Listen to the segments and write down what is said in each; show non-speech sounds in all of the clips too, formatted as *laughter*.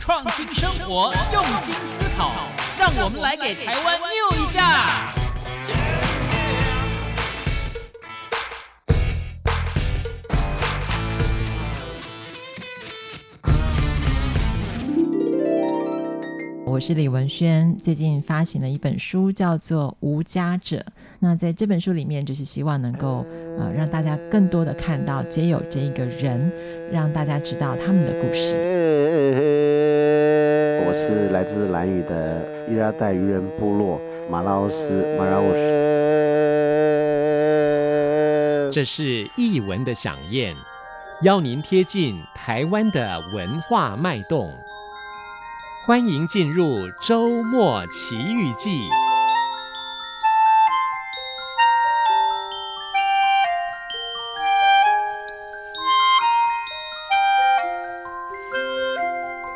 創新生活，用心思考，讓我們來給台灣 new 一下。是李文軒最近發行的一本書，叫做《無家者》。那在這本書裡面，就是希望能夠，呃，讓大家更多的看到街友這一個人，讓大家知道他們的故事。我是來自藍語的伊拉代漁人部落馬拉奧斯，馬拉奧斯。奧斯。這是藝文的饗宴，邀您貼近台灣的文化脈動。歡迎進入《週末奇遇記》。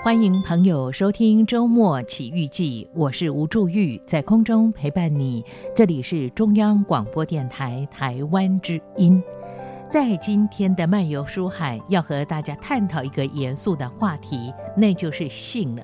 歡迎朋友收聽《週末奇遇記》，我是吳祝玉，在空中陪伴你。這裡是中央廣播電臺台灣之音。在今天的漫遊書海，要和大家探討一個嚴肅的話題，那就是性了。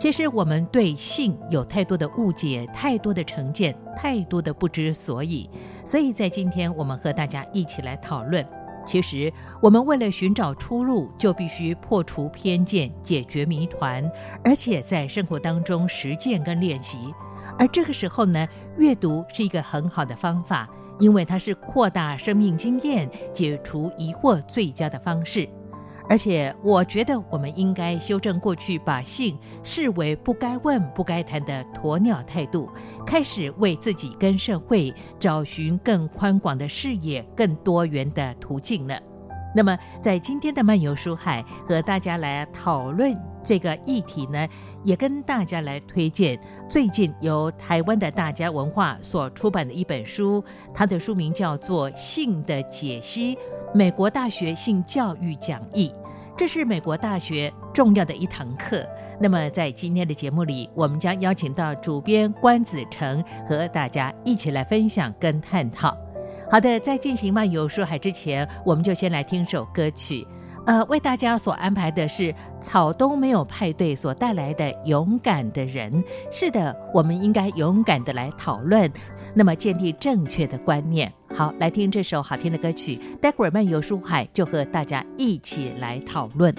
其實我們對性有太多的誤解、太多的成見、太多的不知所以，所以在今天我們和大家一起來討論。其實我們為了尋找出路，就必須破除偏見、解決謎團，而且在生活當中實踐跟練習。而這個時候呢，閱讀是一個很好的方法，因為它是擴大生命經驗、解除疑惑最佳的方式。而且，我覺得我們應該修正過去把性視為不該問、不該談的鴕鳥態度，開始為自己跟社會找尋更寬廣的視野、更多元的途徑了。那麼，在今天的漫遊書海和大家來討論這個議題呢，也跟大家來推薦最近由台灣的大家文化所出版的一本書，它的書名叫做《性的解析》。美國大學性教育講義，這是美國大學重要的一堂課。那麼，在今天的節目裡，我們將邀請到主編關子成，和大家一起來分享跟探討。好的，在進行漫遊書海之前，我們就先來聽首歌曲。呃，為大家所安排的是草東沒有派對所帶來的《勇敢的人》。是的，我們應該勇敢的來討論，那麼建立正確的觀念。好，來聽這首好聽的歌曲，待會兒漫遊書海就和大家一起來討論。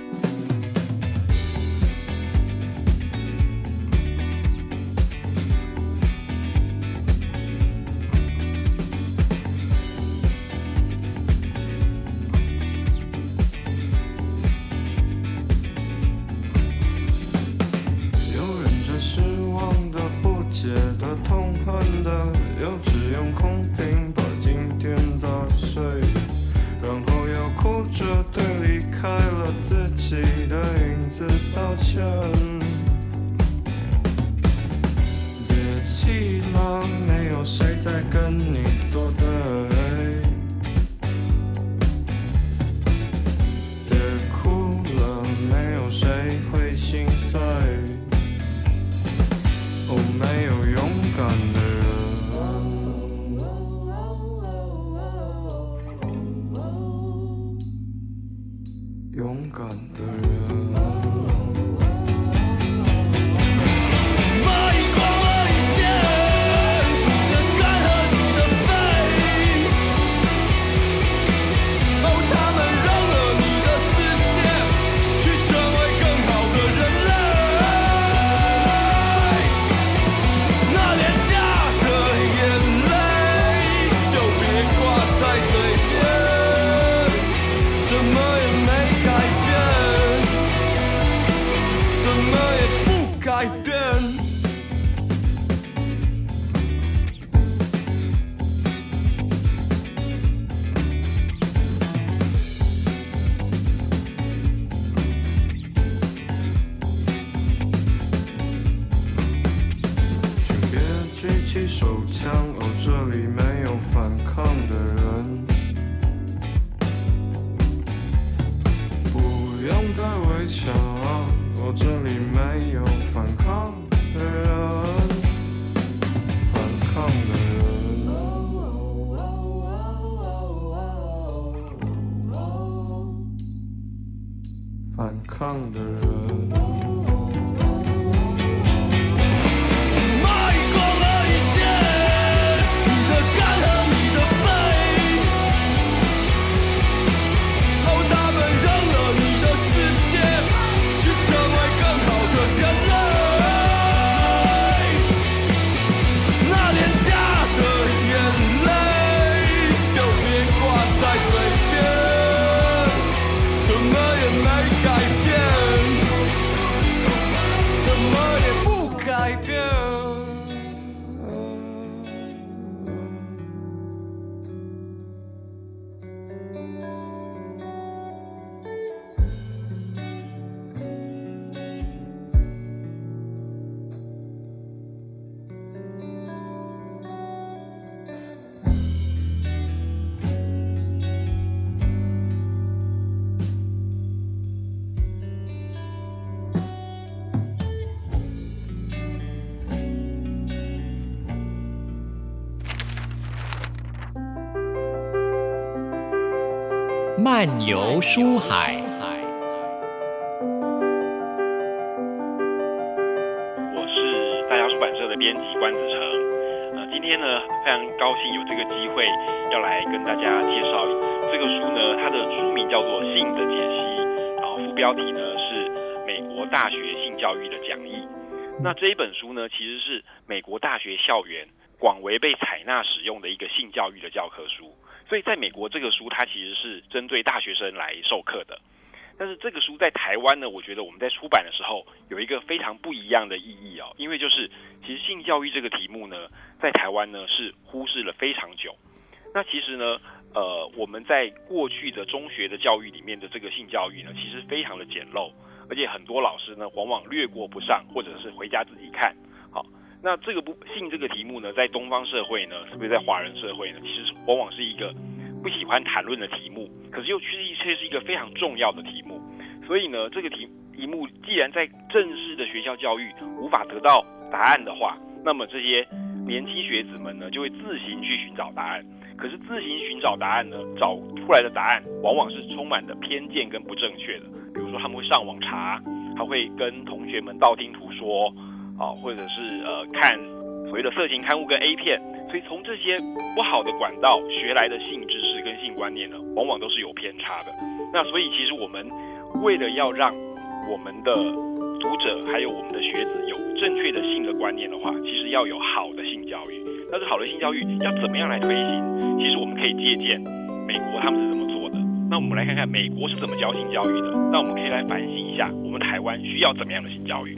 漫遊書海。我是大家出版社的編輯關子成。呃，今天呢，非常高興有這個機會，要來跟大家介紹這個書呢。它的書名叫做《性的解析》，然後副標題呢是《美國大學性教育的講義》。那這一本書呢，其實是美國大學校園廣為被採納使用的一個性教育的教科書。所以，在美國這個書，它其實是針對大學生來授課的。但是，這個書在台灣呢，我覺得我們在出版的時候有一個非常不一樣的意義哦。因為就是其實性教育這個題目呢，在台灣呢是忽視了非常久。那其實呢，呃，我們在過去的中學的教育裡面的這個性教育呢，其實非常的簡陋，而且很多老師呢，往往略過不上，或者是回家自己看，好。那這個不性這個題目呢，在東方社會呢，特別在華人社會呢，其實往往是一個不喜歡談論的題目，可是又確實是一個非常重要的題目。所以呢，這個題題目既然在正式的學校教育無法得到答案的話，那麼這些年輕學子們呢，就會自行去尋找答案。可是自行尋找答案呢，找出來的答案往往是充滿的偏見跟不正確的。比如說，他們會上網查，他會跟同學們道聽途說。啊，或者是呃，看所謂的色情刊物跟 A 片，所以從這些不好的管道學來的性知識跟性觀念呢，往往都是有偏差的。那所以其實我們為了要讓我們的讀者還有我們的學子有正確的性的觀念的話，其實要有好的性教育。但是好的性教育要怎麼樣來推行？其實我們可以借鑒美國他們是怎麼做的。那我們來看看美國是怎麼教性教育的，那我們可以來反省一下，我們台灣需要怎麼樣的性教育？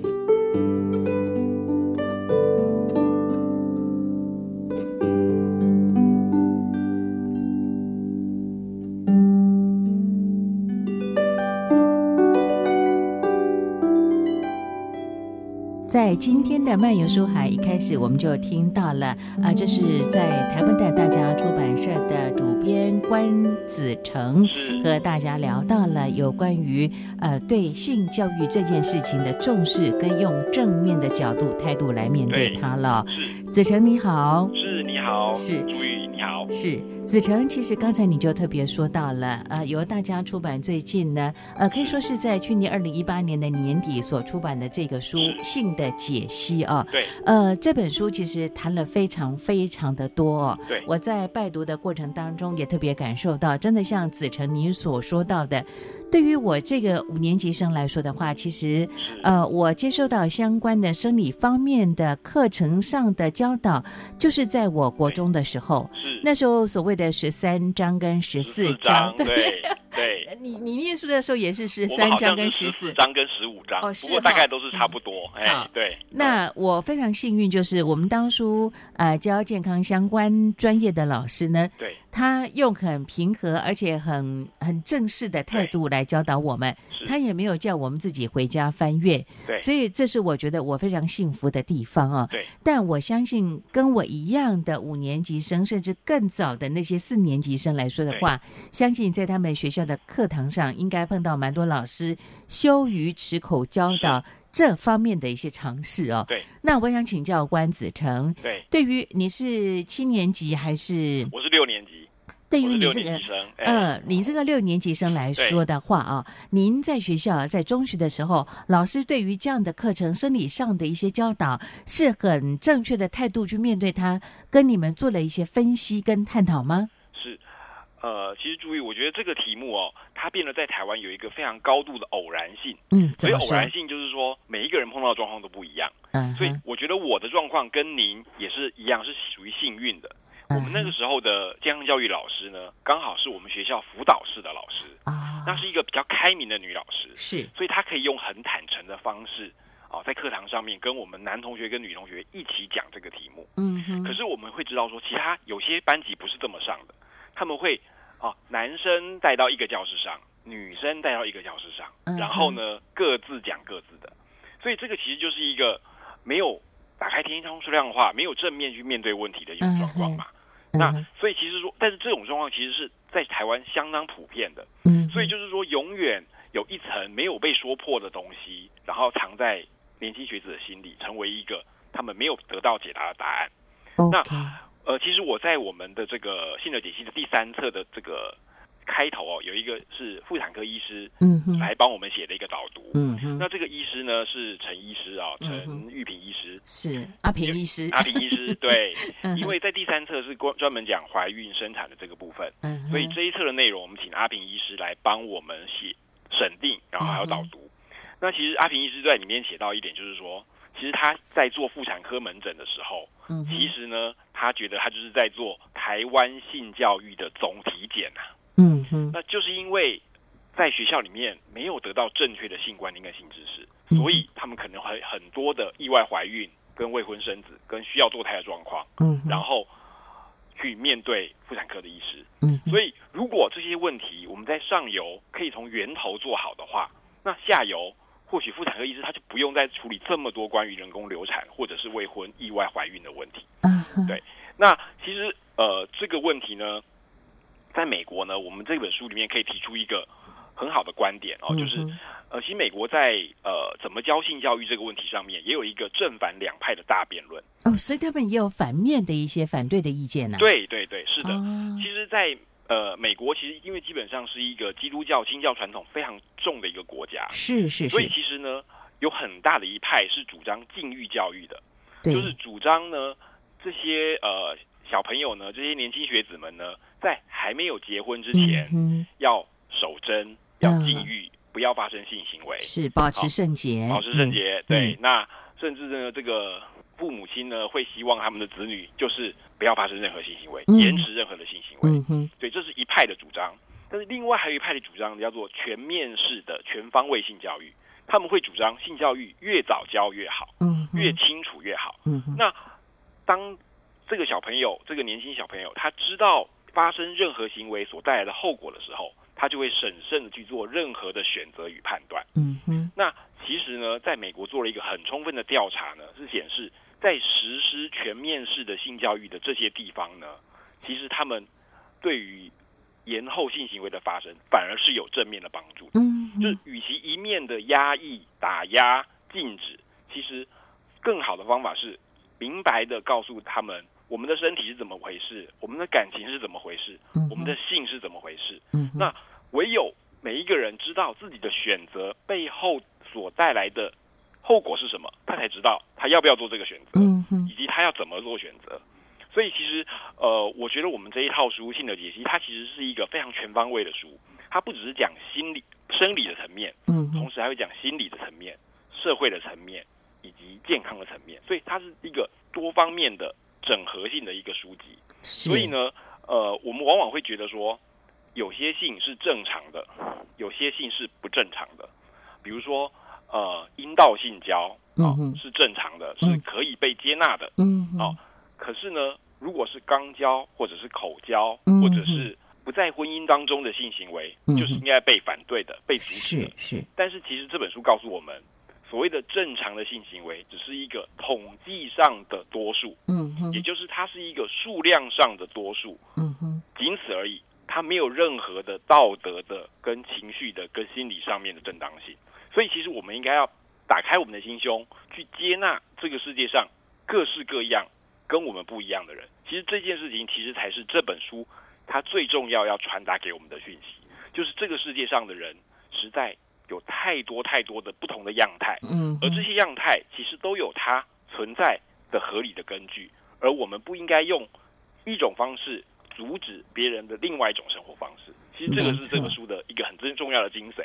在今天的漫遊書海一開始，我們就聽到了啊，這、呃就是在台灣的大家出版社的主編關子成，和大家聊到了有關於呃對性教育這件事情的重視，跟用正面的角度態度來面對它了。子成你好，是你好，是朱宇你好，是。子成，其實剛才你就特別說到了，呃，由大家出版最近呢，呃，可以說是在去年二零一八年的年底所出版的這個書，嗯，《性的解析》哦啊，對，呃，這本書其實談了非常非常的多。哦。對，我在拜讀的過程當中也特別感受到，真的像子成你所說到的，對於我這個五年級生來說的話，其實，是呃，我接收到相關的生理方面的課程上的教導，就是在我國中的時候，那時候所謂的十三章跟十四章，張對，對，對，你你念書的時候也是十三章跟十四跟。十五張，不過大概都是差不多。哎、嗯，對。那我非常幸運，就是我們當初呃教健康相關專業的老師呢，對，他用很平和而且很很正式的態度來教導我們，他也沒有叫我們自己回家翻閱。對，所以這是我覺得我非常幸福的地方啊、哦。對。但我相信跟我一樣的五年級生，甚至更早的那些四年級生來說的話，對相信在他們學校的課堂上應該碰到蠻多老師羞於。口教導這方面的一些嘗試哦，對。那我想請教關子成，對，對於你是七年級還是我是六年級？對於你這個，嗯、呃，你這個六年級生來說的話啊、哦，對您在學校在中學的時候，老師對於這樣的課程生理上的一些教導，是很正確的態度去面對他，跟你們做了一些分析跟探討嗎？呃，其實注意，我覺得這個題目哦，它變得在台灣有一個非常高度的偶然性。嗯，所以偶然性就是說，每一個人碰到的狀況都不一樣。嗯哼，所以我覺得我的狀況跟您也是一樣，是屬於幸運的。我們那個時候的健康教育老師呢，剛好是我們學校輔導室的老師啊，那是一個比較開明的女老師。是，所以她可以用很坦誠的方式啊、呃，在課堂上面跟我們男同學跟女同學一起講這個題目。嗯哼，可是我們會知道說，其他有些班級不是這麼上的，他們會。啊，男生帶到一個教室上，女生帶到一個教室上，然後呢，各自講各自的，所以這個其實就是一個沒有打開天窗說亮話，沒有正面去面對問題的一種狀況嘛。Uh huh. 那所以其實說，但是這種狀況其實是在台灣相當普遍的。嗯，所以就是說，永遠有一層沒有被說破的東西，然後藏在年輕學子的心裡，成為一個他們沒有得到解答的答案。那、Okay. 呃，其實我在我們的這個《性的解析》的第三冊的這個開頭哦，有一個是婦產科醫師，嗯，來幫我們寫的一個導讀，嗯哼，那這個醫師呢是陳醫師啊、哦，嗯、哼陳玉萍醫師，是阿平醫師，阿平醫師 *laughs* 對，因為在第三冊是專專門講懷孕生產的這個部分，嗯哼，所以這一冊的內容，我們請阿平醫師來幫我們寫審定，然後還有導讀。嗯、哼那其實阿平醫師在裡面寫到一點，就是說。其實他在做婦產科門診的時候，嗯哼，其實呢，他覺得他就是在做台灣性教育的總體檢啊。嗯嗯哼那就是因為在學校裡面沒有得到正確的性觀念跟性知識，嗯、哼所以他們可能會很多的意外懷孕、跟未婚生子、跟需要墮胎的狀況。嗯哼，然後去面對婦產科的醫師。嗯哼，所以如果這些問題我們在上游可以從源頭做好的話，那下游。或許婦產科醫師他就不用再處理這麼多關於人工流產或者是未婚意外懷孕的問題、uh。Huh. 對。那其實呃這個問題呢，在美國呢，我們這本書裡面可以提出一個很好的觀點哦，就是呃其實美國在呃怎麼教性教育這個問題上面，也有一個正反兩派的大辯論。哦、uh，所以他們也有反面的一些反對的意見呢？對對對，是的。Uh huh. 其實，在呃，美國其實因為基本上是一個基督教新教傳統非常重的一個國家，是是,是。所以其實呢，有很大的一派是主張禁欲教育的，對，就是主張呢，這些呃小朋友呢，這些年輕學子們呢，在還沒有結婚之前，嗯哼，要守貞，要禁欲，呃、不要發生性行為，是保持聖潔，保持聖潔。嗯、對，嗯、那甚至呢，這個父母親呢，會希望他們的子女就是。不要發生任何性行為，延遲任何的性行為。嗯，對，這是一派的主張。但是另外還有一派的主張叫做全面式的全方位性教育，他們會主張性教育越早教越好，越清楚越好。那當這個小朋友，這個年輕小朋友，他知道發生任何行為所帶來的後果的時候，他就會審慎地去做任何的選擇與判斷。嗯，那其實呢，在美國做了一個很充分的調查呢，是顯示。在實施全面式的性教育的這些地方呢，其實他們對於延後性行為的發生反而是有正面的幫助的。嗯哼，就是與其一面的壓抑、打壓、禁止，其實更好的方法是明白地告訴他們：我們的身體是怎麼回事，我們的感情是怎麼回事，我們的性是怎麼回事。嗯哼，那唯有每一個人知道自己的選擇背後所帶來的。後果是什麼？他才知道他要不要做這個選擇，以及他要怎麼做選擇。所以其實，呃，我覺得我們這一套書性的解析，它其實是一個非常全方位的書，它不只是講心理生理的層面，嗯，同時還會講心理的層面、社會的層面以及健康的層面，所以它是一個多方面的整合性的一個書籍。行。所以呢，呃，我們往往會覺得說，有些性是正常的，有些性是不正常的，比如說。呃，陰道性交啊、嗯、哼是正常的，是可以被接納的。嗯哼，好、啊。可是呢，如果是肛交或者是口交，嗯、哼或者是不在婚姻當中的性行為，嗯、哼就是應該被反對的、嗯、哼被阻止的。是，是。但是其實這本書告訴我們，所謂的正常的性行為，只是一個統計上的多數。嗯哼，也就是它是一個數量上的多數。嗯、哼僅此而已，它沒有任何的道德的、跟情緒的、跟心理上面的正當性。所以，其實我們應該要打開我們的心胸，去接納這個世界上各式各樣跟我們不一樣的人。其實這件事情，其實才是這本書它最重要要傳達給我們的訊息，就是這個世界上的人實在有太多太多的不同的樣態。嗯，而這些樣態其實都有它存在的合理的根據，而我們不應該用一種方式阻止別人的另外一種生活方式。其實這個是這本書的一個很最重要的精髓。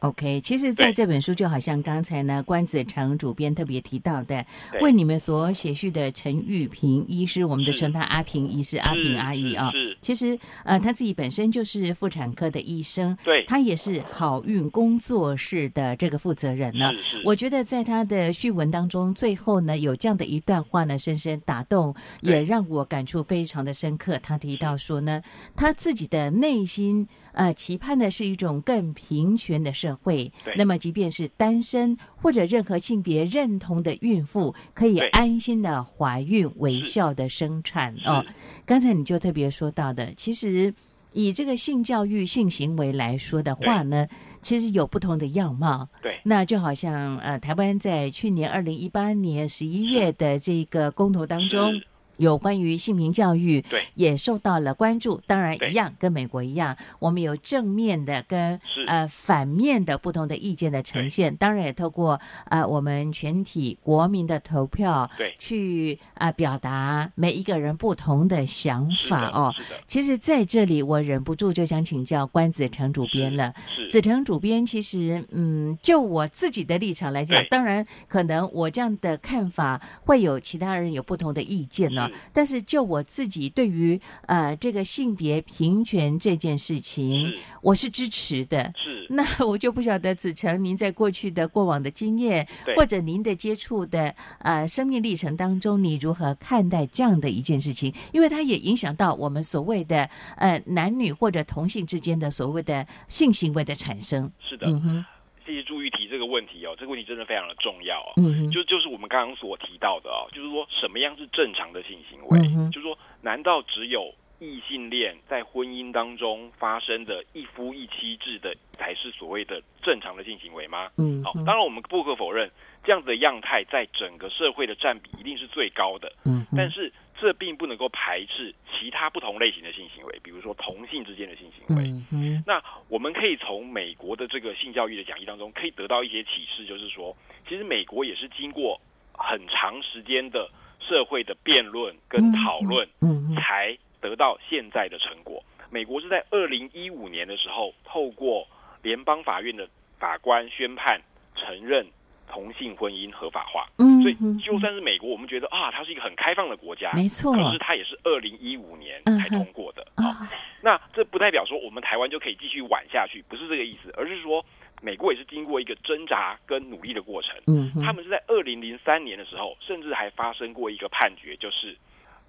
OK，其實在這本書就好像剛才呢，對關子成主編特別提到的，為對你們所寫序的陳玉萍，醫師，是我們就稱她阿萍，醫師，是阿萍阿姨啊、哦。其實呃，他自己本身就是婦產科的醫生，對，他也是好運工作室的這個負責人呢。我覺得在他的序文當中，最後呢有這樣的一段話呢，深深打動，對也讓我感觸非常的深刻。他提到說呢，他自己的內心呃期盼的是一種更平權的，社會，那麼即便是單身或者任何性別認同的孕婦，可以安心的懷孕、微笑的生產哦。剛才你就特別說到的，其實以這個性教育、性行為來說的話呢，對其實有不同的樣貌。對，那就好像呃，台灣在去年二零一八年十一月的這個公投當中，有關於性平教育，對，也受到了關注。當然，一樣跟美國一樣，我們有正面的跟呃反面的不同的意見的呈現。當然，也透過呃我們全體國民的投票，對，去啊表達每一個人不同的想法哦。其實在這裡，我忍不住就想請教關子成主編了。子成主編，其實嗯，就我自己的立場來講，當然可能我這樣的看法會有其他人有不同的意見呢。但是，就我自己對於呃這個性別平權這件事情，是我是支持的。是，那我就不曉得子成，您在過去的過往的經驗，對或者您的接觸的呃生命歷程當中，你如何看待這樣的一件事情？因為它也影響到我們所謂的呃男女或者同性之間的所謂的性行為的產生。是的，嗯哼。謝謝注意提這個問題哦，這個問題真的非常的重要啊！嗯哼，就就是我們剛剛所提到的哦，啊，就是說什麼樣是正常的性行為？嗯、哼就是說，難道只有異性戀在婚姻當中發生的一夫一妻制的才是所謂的正常的性行為嗎？嗯哼，好、哦，當然我們不可否認，這樣子的樣態在整個社會的占比一定是最高的。嗯哼，但是，這並不能夠排斥其他不同類型的性行為，比如說同性之間的性行為。那我們可以從美國的這個性教育的講義當中，可以得到一些啟示，就是說，其實美國也是經過很長時間的社會的辯論跟討論，嗯，才得到現在的成果。美國是在二零一五年的時候，透過聯邦法院的法官宣判承認，同性婚姻合法化，嗯哼，所以就算是美國，我們覺得啊，它是一個很開放的國家，沒錯錯，可是它也是二零一五年才通過的，嗯哼啊，那這不代表說我們台灣就可以繼續玩下去，不是這個意思，而是說美國也是經過一個掙扎跟努力的過程，嗯哼，他們是在二零零三年的時候，甚至還發生過一個判決，就是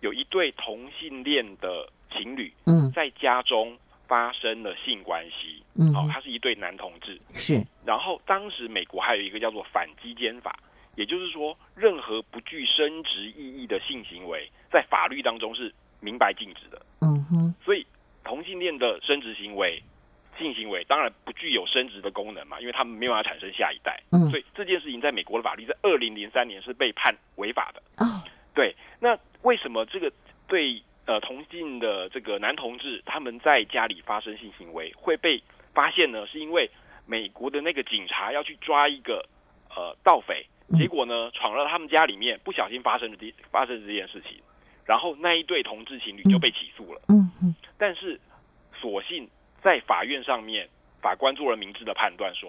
有一對同性戀的情侶，嗯，在家中。嗯發生了性關係，嗯哼，好、哦，他是一對男同志，是。然後當時美國還有一個叫做反雞姦法，也就是說，任何不具生殖意義的性行為，在法律當中是明白禁止的。嗯哼。所以同性戀的生殖行為、性行為，當然不具有生殖的功能嘛，因為他們沒有辦法產生下一代。嗯。所以這件事情在美國的法律，在二零零三年是被判違法的。啊、哦、對。那為什麼這個對？呃，同性的這個男同志，他們在家裡發生性行為會被發現呢，是因為美國的那個警察要去抓一個呃盜匪，結果呢闖入他們家裡面，不小心發生的這發生這件事情，然後那一對同志情侶就被起訴了。嗯，但是所幸在法院上面，法官做了明智的判斷說，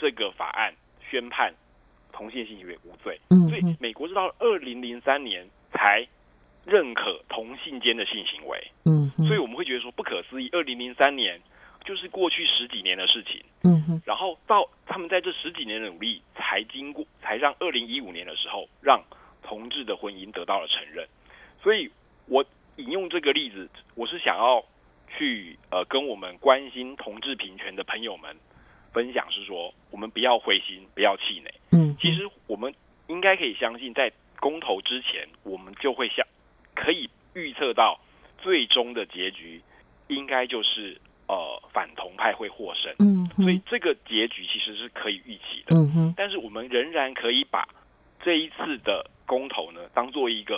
說這個法案宣判同性性行為無罪。嗯。所以美國是到二零零三年才。認可同性間的性行為，嗯哼，所以我們會覺得說不可思議。二零零三年，就是過去十幾年的事情，嗯哼。然後到他們在這十幾年的努力，才經過，才讓二零一五年的時候，讓同志的婚姻得到了承認。所以，我引用這個例子，我是想要去呃跟我們關心同志平權的朋友們分享，是說我們不要灰心，不要氣餒，嗯哼。其實我們應該可以相信，在公投之前，我們就會想。可以預測到最終的結局，應該就是呃反同派會獲勝。嗯哼，所以這個結局其實是可以預期的。嗯哼，但是我們仍然可以把這一次的公投呢當做一個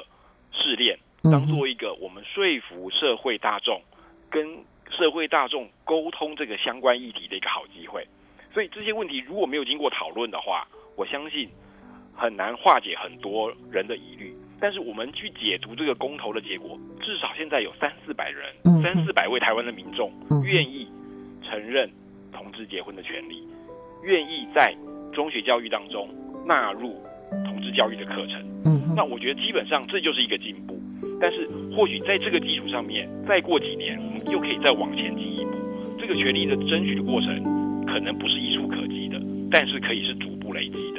試煉，當做一個我們說服社會大眾跟社會大眾溝通這個相關議題的一個好機會。所以這些問題如果沒有經過討論的話，我相信很難化解很多人的疑慮。但是我們去解讀這個公投的結果，至少現在有三四百人，三四百位台灣的民眾願意承認同志結婚的權利，願意在中學教育當中納入同志教育的課程。嗯、哼那我覺得基本上這就是一個進步。但是或許在這個基礎上面，再過幾年，我們又可以再往前進一步。這個權利的爭取的過程可能不是一蹴可及的，但是可以是逐步累積。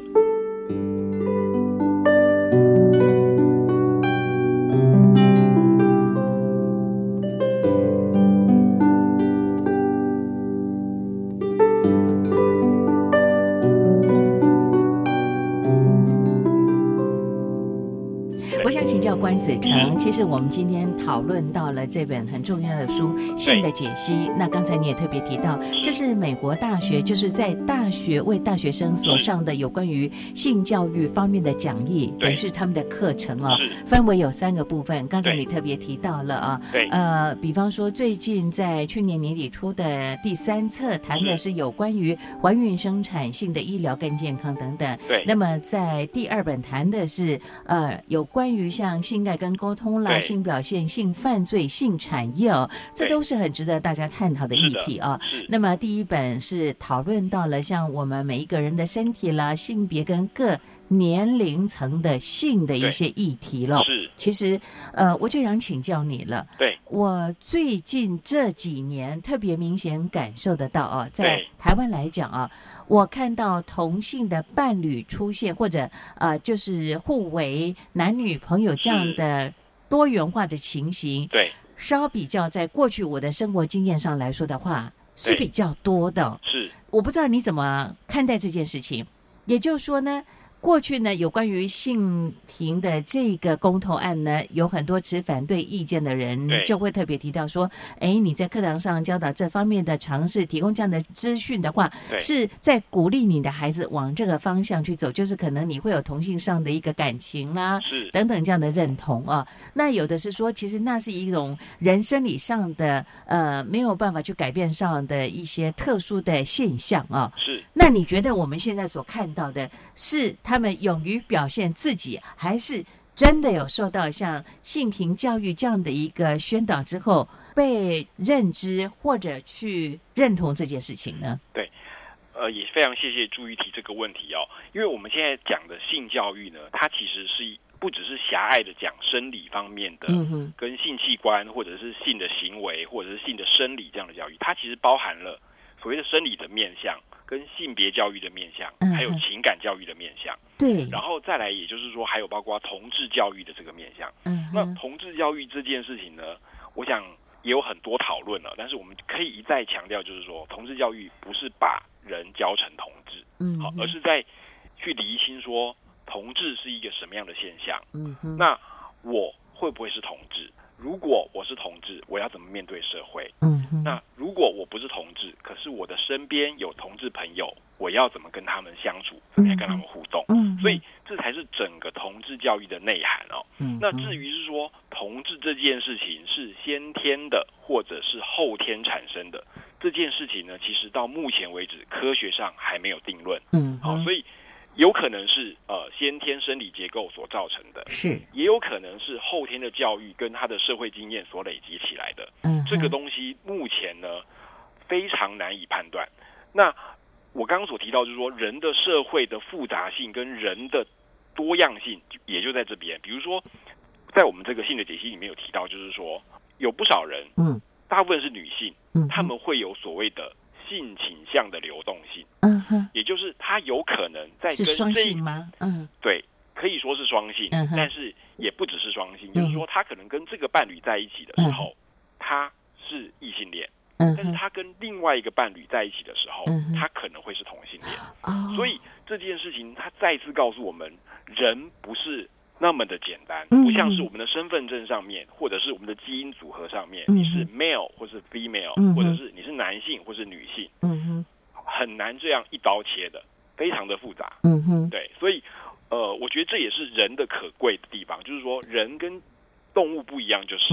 子成，其實我們今天討論到了這本很重要的書《性的解析》。對那剛才你也特別提到，這、就是美國大學就是在大學為大學生所上的有關於性教育方面的講義，也對是他們的課程哦、喔。分為是有三個部分，剛才你特別提到了啊、喔，對，呃，比方說最近在去年年底出的第三冊，談的是有關於懷孕、生產、性的醫療跟健康等等。對。那麼在第二本談的是呃有關於像性愛。跟溝通啦，對性表現、性犯罪、性產業哦，對這都是很值得大家探討的議題哦、啊。那麼第一本是討論到了像我們每一個人的身體啦、性別跟個。年齡層的性的一些議題了。是，其實呃，我就想請教你了。對，我最近這幾年特別明顯感受得到啊，在台灣來講啊，對我看到同性的伴侶出現，或者呃，就是互為男女朋友這樣的多元化的情形。對，稍比較在過去我的生活經驗上來說的話，是比較多的。是，我不知道你怎麼看待這件事情。也就是說呢？過去呢，有關於性平的這個公投案呢，有很多持反對意見的人就會特別提到說：哎對、欸，你在課堂上教導這方面的常識，提供這樣的資訊的話，對是在鼓勵你的孩子往這個方向去走，就是可能你會有同性上的一個感情啦，是等等這樣的認同啊。那有的是說，其實那是一種人生理上的，呃，沒有辦法去改變上的一些特殊的現象啊。是。那你覺得我們現在所看到的是他？他們勇於表現自己，還是真的有受到像性平教育這樣的一個宣導之後被認知或者去認同這件事情呢？對，呃，也非常謝謝朱玉提這個問題哦，因為我們現在講的性教育呢，它其實是不只是狹隘的講生理方面的，嗯哼，跟性器官或者是性的行為或者是性的生理這樣的教育，它其實包含了所謂的生理的面向，跟性別教育的面向，還有情感教育的面向，對、uh，huh. 然後再來，也就是說，還有包括同志教育的這個面向。嗯、uh，huh. 那同志教育這件事情呢，我想也有很多討論了，但是我們可以一再強調，就是說，同志教育不是把人教成同志，嗯、uh，huh. 好，而是在去釐清說，同志是一個什麼樣的現象。嗯、uh，huh. 那我會不會是同志？如果我是同志，我要怎麼面對社會？嗯哼，那如果我不是同志，可是我的身邊有同志朋友，我要怎麼跟他們相處？怎麼樣跟他們互動？嗯哼，所以這才是整個同志教育的內涵哦。嗯哼，那至於是說同志這件事情是先天的，或者是後天產生的這件事情呢？其實到目前為止，科學上還沒有定論。嗯哼，好，哦，所以。有可能是呃先天生理結構所造成的是，也有可能是後天的教育跟他的社會經驗所累積起來的。嗯哼，這個東西目前呢非常難以判斷。那我剛剛所提到就是說，人的社會的複雜性跟人的多樣性也就在這邊。比如說，在我們這個性的解析裡面有提到，就是說有不少人，嗯，大部分是女性，嗯哼，他們會有所謂的。性傾向的流動性，嗯哼、uh huh. 也就是他有可能在跟這，是雙性嗎？嗯，uh huh. 對，可以說是雙性，uh huh. 但是也不只是雙性，就是說他可能跟這個伴侶在一起的時候，他、uh huh. 是異性戀，嗯、uh huh. 但是他跟另外一個伴侶在一起的時候，他、uh huh. 可能會是同性戀，uh huh. 所以這件事情他再次告訴我們，人不是。那麼的簡單，不像是我們的身份證上面，或者是我們的基因組合上面，你是 male 或是 female，或者是你是男性或是女性，很難這樣一刀切的，非常的複雜。對，所以，呃，我覺得這也是人的可貴的地方，就是說人跟動物不一樣，就是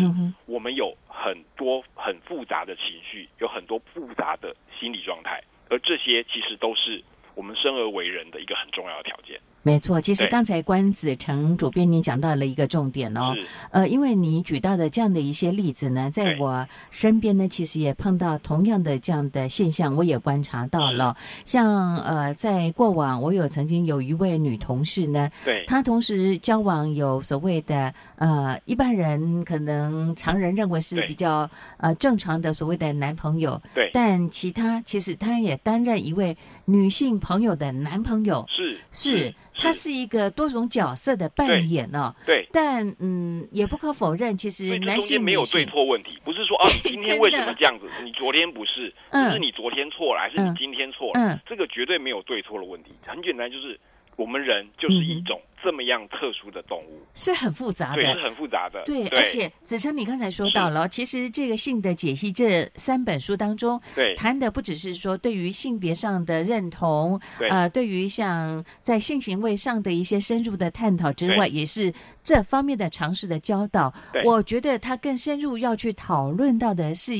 我們有很多很複雜的情緒，有很多複雜的心理狀態，而這些其實都是我們生而為人的一個很重要的條件。沒錯，其實剛才關子成主編你講到了一個重點哦，是呃，因為你舉到的這樣的一些例子呢，在我身邊呢，其實也碰到同樣的這樣的現象，對我也觀察到了。嗯、像呃，在過往我有曾經有一位女同事呢，對，她同時交往有所謂的呃，一般人可能常人認為是比較對呃，正常的所謂的男朋友，對，但其他其實她也擔任一位女性朋友的男朋友，是對是。是他是一個多種角色的扮演哦，對，對但嗯，也不可否認，其實男對，中間沒有對錯問題，不是說啊，你今天為什麼這樣子？你昨天不是，不、嗯、是你昨天錯了，還是你今天錯了？嗯、這個絕對沒有對錯的問題。很簡單，就是我們人就是一種。嗯這麼樣特殊的動物是很複雜的，對，是很複雜的，對。而且子成，你剛才說到了，其實這個性的解析這三本書當中，對談的不只是說對於性別上的認同，對呃，對於像在性行為上的一些深入的探討之外，也是這方面的常識的教導。對，我覺得他更深入要去討論到的是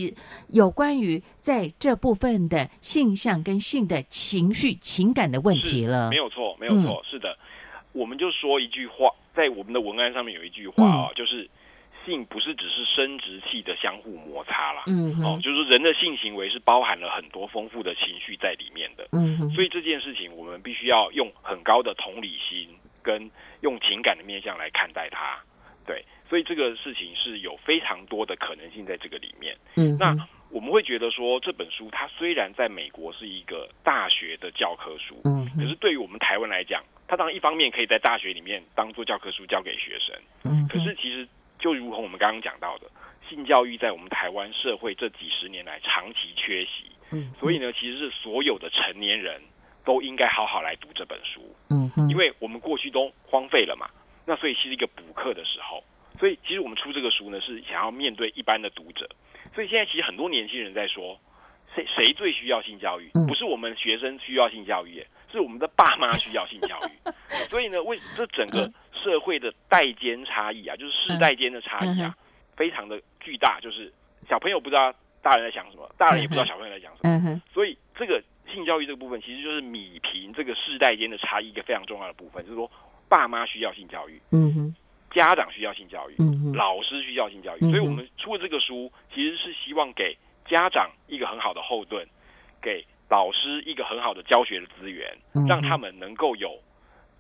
有關於在這部分的性向跟性的情緒、情感的問題了。沒有錯，沒有錯，是的。我們就說一句話，在我們的文案上面有一句話啊、哦，嗯、就是性不是只是生殖器的相互摩擦啦，嗯、哼哦,就是人的性行為是包含了很多豐富的情緒在裡面的，嗯哼，所以這件事情我們必須要用很高的同理心跟用情感的面向來看待它，對，所以這個事情是有非常多的可能性在這個裡面，嗯哼，那我們會覺得說這本書它雖然在美國是一個大學的教科書，嗯哼，可是對於我們台灣來講。它當然一方面可以在大學裡面當做教科書教給學生，嗯，可是其實就如同我們剛剛講到的，性教育在我們台灣社會這幾十年來長期缺席，嗯，所以呢，其實是所有的成年人都應該好好來讀這本書，嗯，因為我們過去都荒廢了嘛，那所以其實是一個補課的時候，所以其實我們出這個書呢是想要面對一般的讀者，所以現在其實很多年輕人在說，誰誰最需要性教育？不是我們學生需要性教育。是我們的爸媽需要性教育， *laughs* 所以呢，為這整個社會的代間差異啊，就是世代間的差異啊，非常的巨大。就是小朋友不知道大人在想什麼，大人也不知道小朋友在想什麼。 *laughs* 所以這個性教育這個部分，其實就是弭平這個世代間的差異一個非常重要的部分，就是說爸媽需要性教育，嗯哼，家長需要性教育，嗯，老師需要性教育。所以我們出了這個書，其實是希望給家長一個很好的後盾，給。老師一個很好的教學的資源，讓他們能夠有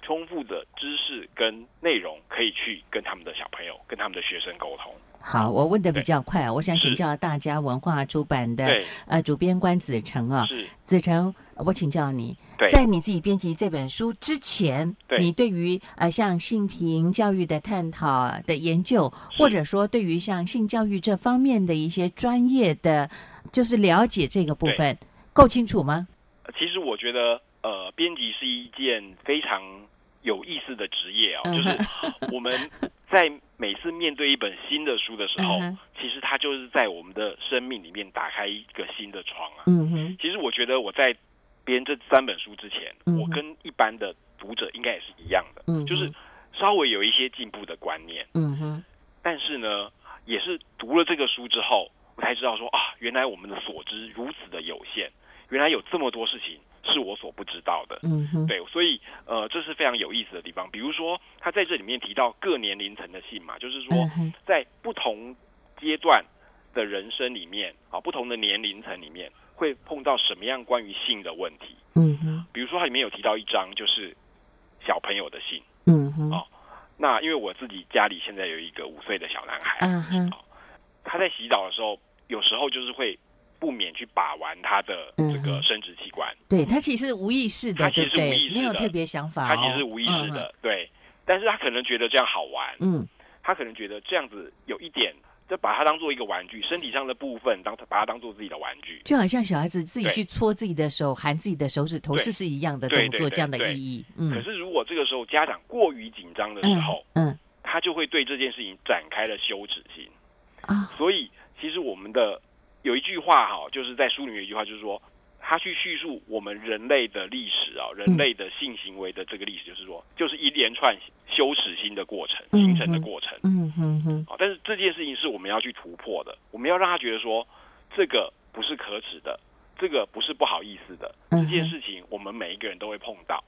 豐富的知識跟內容，可以去跟他們的小朋友、跟他們的學生溝通。好，我問得比較快，對我想請教大家文化出版的是呃主編官子成啊，哦。是子成，我請教你，對在你自己編輯這本書之前，對你對於呃像性平教育的探討、啊、的研究，是或者說對於像性教育這方面的一些專業的就是了解這個部分。夠清楚嗎？其實我覺得，呃，編輯是一件非常有意思的職業啊。Uh huh. 就是我們在每次面對一本新的書的時候，uh huh. 其實它就是在我們的生命裡面打開一個新的窗啊。嗯哼、uh huh. 其實我覺得我在編這三本書之前，uh huh. 我跟一般的讀者應該也是一樣的。嗯、uh huh. 就是稍微有一些進步的觀念。嗯哼、uh huh. 但是呢，也是讀了這個書之後，我才知道說啊，原來我們的所知如此的有限。原來有這麼多事情是我所不知道的，嗯哼，對，所以呃，這是非常有意思的地方。比如說，他在這裡面提到各年齡層的性嘛，就是說，在不同階段的人生裡面啊，不同的年齡層裡面會碰到什麼樣關於性的問題，嗯哼。比如說，他裡面有提到一張就是小朋友的性。嗯哼，哦、啊，那因為我自己家裡現在有一個五歲的小男孩，嗯哼、啊，他在洗澡的時候有時候就是會。不免去把玩他的這個生殖器官，對，他其實無意識的，他其實是沒有特別想法，他其實是無意識的，對。但是他可能覺得這樣好玩，嗯，他可能覺得這樣子有一點，就把它當做一個玩具，身體上的部分當他把它當做自己的玩具，就好像小孩子自己去搓自己的手，含自己的手指頭，是是一樣的動作，這樣的意義。嗯。可是如果這個時候家長過於緊張的時候，嗯，他就會對這件事情展開了羞恥心，啊，所以其實我們的。有一句話哈，就是在書裡面有一句話，就是說他去敘述我們人類的歷史啊，人類的性行為的這個歷史，就是說就是一連串羞恥心的過程形成的過程。嗯哼嗯哼。啊，但是這件事情是我們要去突破的，我們要讓他覺得說這個不是可恥的，這個不是不好意思的。嗯哼。這件事情我們每一個人都會碰到。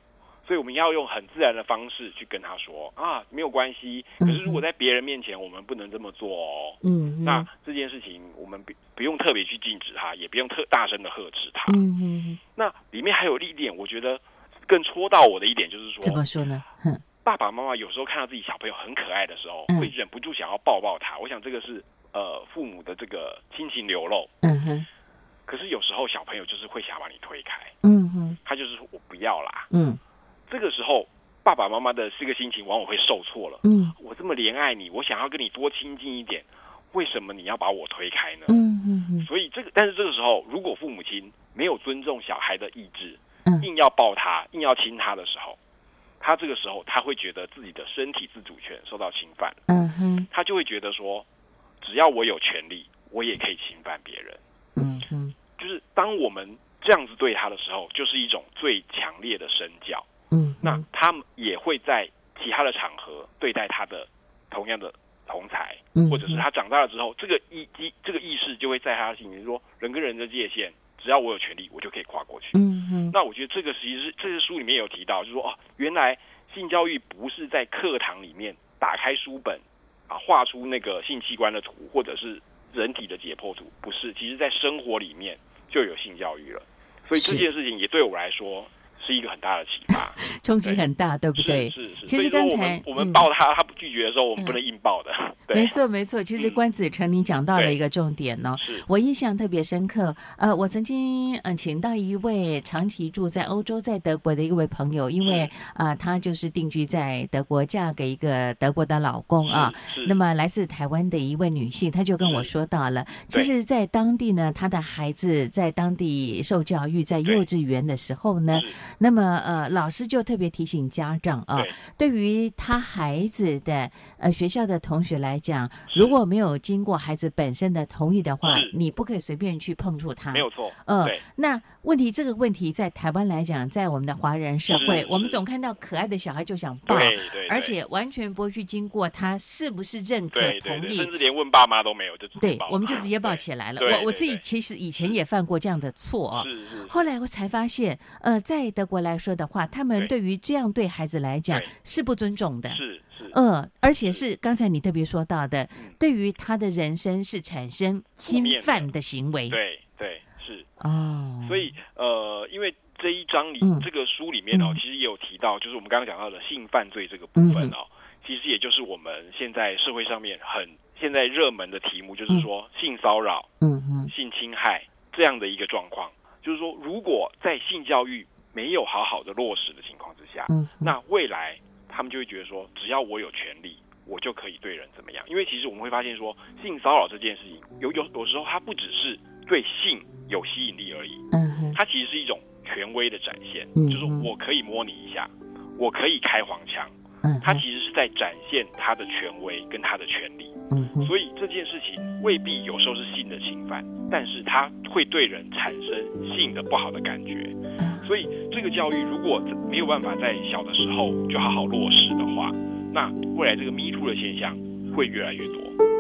所以我們要用很自然的方式去跟他說啊，沒有關係。可是如果在別人面前，我們不能這麼做哦。嗯哼，那這件事情我們不不用特別去禁止他，也不用特大聲的呵斥他。嗯哼哼。那裡面還有一點，我覺得更戳到我的一點就是說，怎麼說呢？嗯。爸爸媽媽有時候看到自己小朋友很可愛的時候，嗯。會忍不住想要抱抱他。我想這個是呃父母的這個親情流露。嗯哼。可是有時候小朋友就是會想把你推開。嗯哼。他就是說我不要啦。嗯。這個時候，爸爸媽媽的這個心情往往會受挫了。嗯，我這麼憐愛你，我想要跟你多親近一點，為什麼你要把我推開呢？嗯嗯嗯。所以這個，但是這個時候，如果父母親沒有尊重小孩的意志，嗯、硬要抱他、硬要親他的時候，他這個時候他會覺得自己的身體自主權受到侵犯。嗯哼，他就會覺得說，只要我有權利，我也可以侵犯別人。嗯哼，就是當我們這樣子對他的時候，就是一種最強烈的身教。嗯，那他們也會在其他的場合對待他的同樣的同儕，嗯、哼或者是他長大了之後，這個意、意這個意識就會在他的心裡、就是、說，人跟人的界限，只要我有權利，我就可以跨過去。嗯哼那我覺得這個其實是這些、個、書裡面有提到，就是說哦，原來性教育不是在課堂裡面打開書本啊，畫出那個性器官的圖或者是人體的解剖圖，不是，其實在生活裡面就有性教育了。所以這件事情也對我來說。是一個很大的啟發， *laughs* 衝擊很大，對不對？是,是,是其實剛才我們,、嗯、我們抱他，他不拒絕的時候，我們不能硬抱的。嗯、對，沒錯沒錯。其實關子成，你講到了一個重點呢、哦，嗯、我印象特別深刻。呃，我曾經嗯、呃，請到一位長期住在歐洲，在德國的一位朋友，因為啊，她是、呃、就是定居在德國，嫁給一個德國的老公啊。那麼來自台灣的一位女性，她就跟我說到了，對其實，在當地呢，她的孩子在當地受教育，在幼稚園的時候呢。那麼呃，老師就特別提醒家長啊，對於他孩子的呃學校的同學來講，如果沒有經過孩子本身的同意的話，你不可以隨便去碰觸他。沒有錯。嗯，那問題這個問題在台灣來講，在我們的華人社會，我們總看到可愛的小孩就想抱，而且完全不會去經過他是不是認可同意，甚至連問爸媽都沒有就直接抱，我們就直接抱起來了。我我自己其實以前也犯過這樣的錯啊，後來我才發現，呃，在德。我來說的話，他們對於這樣對孩子來講對是不尊重的，是是，是呃，而且是剛才你特別說到的，嗯、對於他的人生是產生侵犯的行為，對對是哦。所以呃，因為這一章裡、嗯、這個書裡面哦，其實也有提到，就是我們剛剛講到的性犯罪這個部分哦，嗯、其實也就是我們現在社會上面很現在熱門的題目，就是說、嗯、性騷擾、嗯哼性侵害這樣的一個狀況，就是說如果在性教育沒有好好的落實的情況之下，嗯、哼那未來他們就會覺得說，只要我有權力，我就可以對人怎麼樣？因為其實我們會發現說，性騷擾這件事情，有有有時候它不只是對性有吸引力而已，它其實是一種權威的展現，嗯、哼就是我可以摸你一下，我可以開黃腔，它其實是在展現他的權威跟他的權力。這件事情未必有時候是性的侵犯，但是它會對人產生性的不好的感覺，所以這個教育如果沒有辦法在小的時候就好好落實的話，那未來這個 MeToo 的現象會越來越多。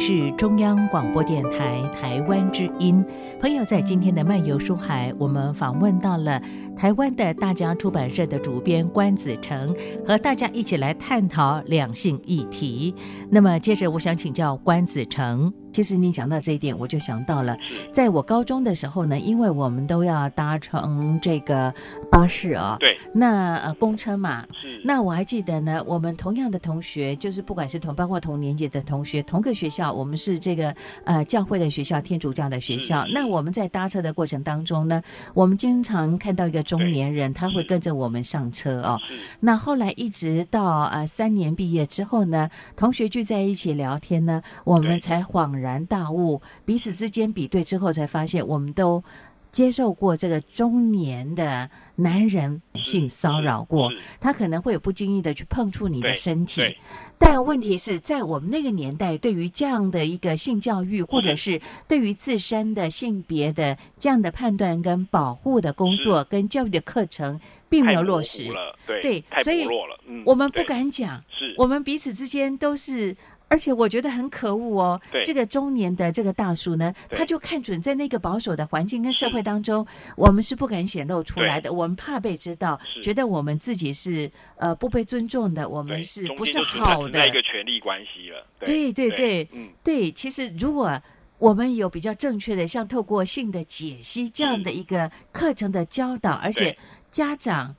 是中央廣播電台台灣之音。朋友，在今天的漫遊書海，我們訪問到了台灣的大家出版社的主編關子成，和大家一起來探討兩性議題。那麼，接着我想請教關子成。其實你講到這一點，我就想到了，是在我高中的時候呢，因為我們都要搭乘這個巴士哦，對，那呃公車嘛，是那我還記得呢，我們同樣的同學，就是不管是同班或同年級的同學，同個學校，我們是這個呃教會的學校，天主教的學校。是那我們在搭車的過程當中呢，我們經常看到一個中年人，對他會跟着我們上車哦。是那後來一直到呃三年畢業之後呢，同學聚在一起聊天呢，我們才恍然。恍然大悟，彼此之間比對之後，才發現我們都接受過這個中年的男人性騷擾過，他可能會有不經意的去碰觸你的身體。但問題是在我們那個年代，對於這樣的一個性教育，或者是對於自身的性別的這樣的判斷跟保護的工作跟教育的課程，並沒有落實。對，對，太薄弱了，嗯，所以我們不敢講。我們彼此之間都是。而且我覺得很可惡哦，這個中年的這個大叔呢，他就看準在那個保守的環境跟社會當中，我們是不敢顯露出來的，我們怕被知道，覺得我們自己是呃不被尊重的，我們是不是好的一個權力關係了？對對對，對，其實如果我們有比較正確的，像透過性的解析這樣的一個課程的教導，而且家長。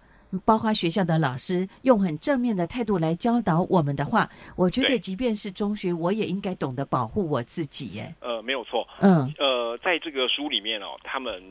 包括學校的老師用很正面的態度來教導我們的話，我覺得即便是中學，對我也應該懂得保護我自己耶。哎，呃，沒有錯，嗯，呃，在這個書裡面哦，他們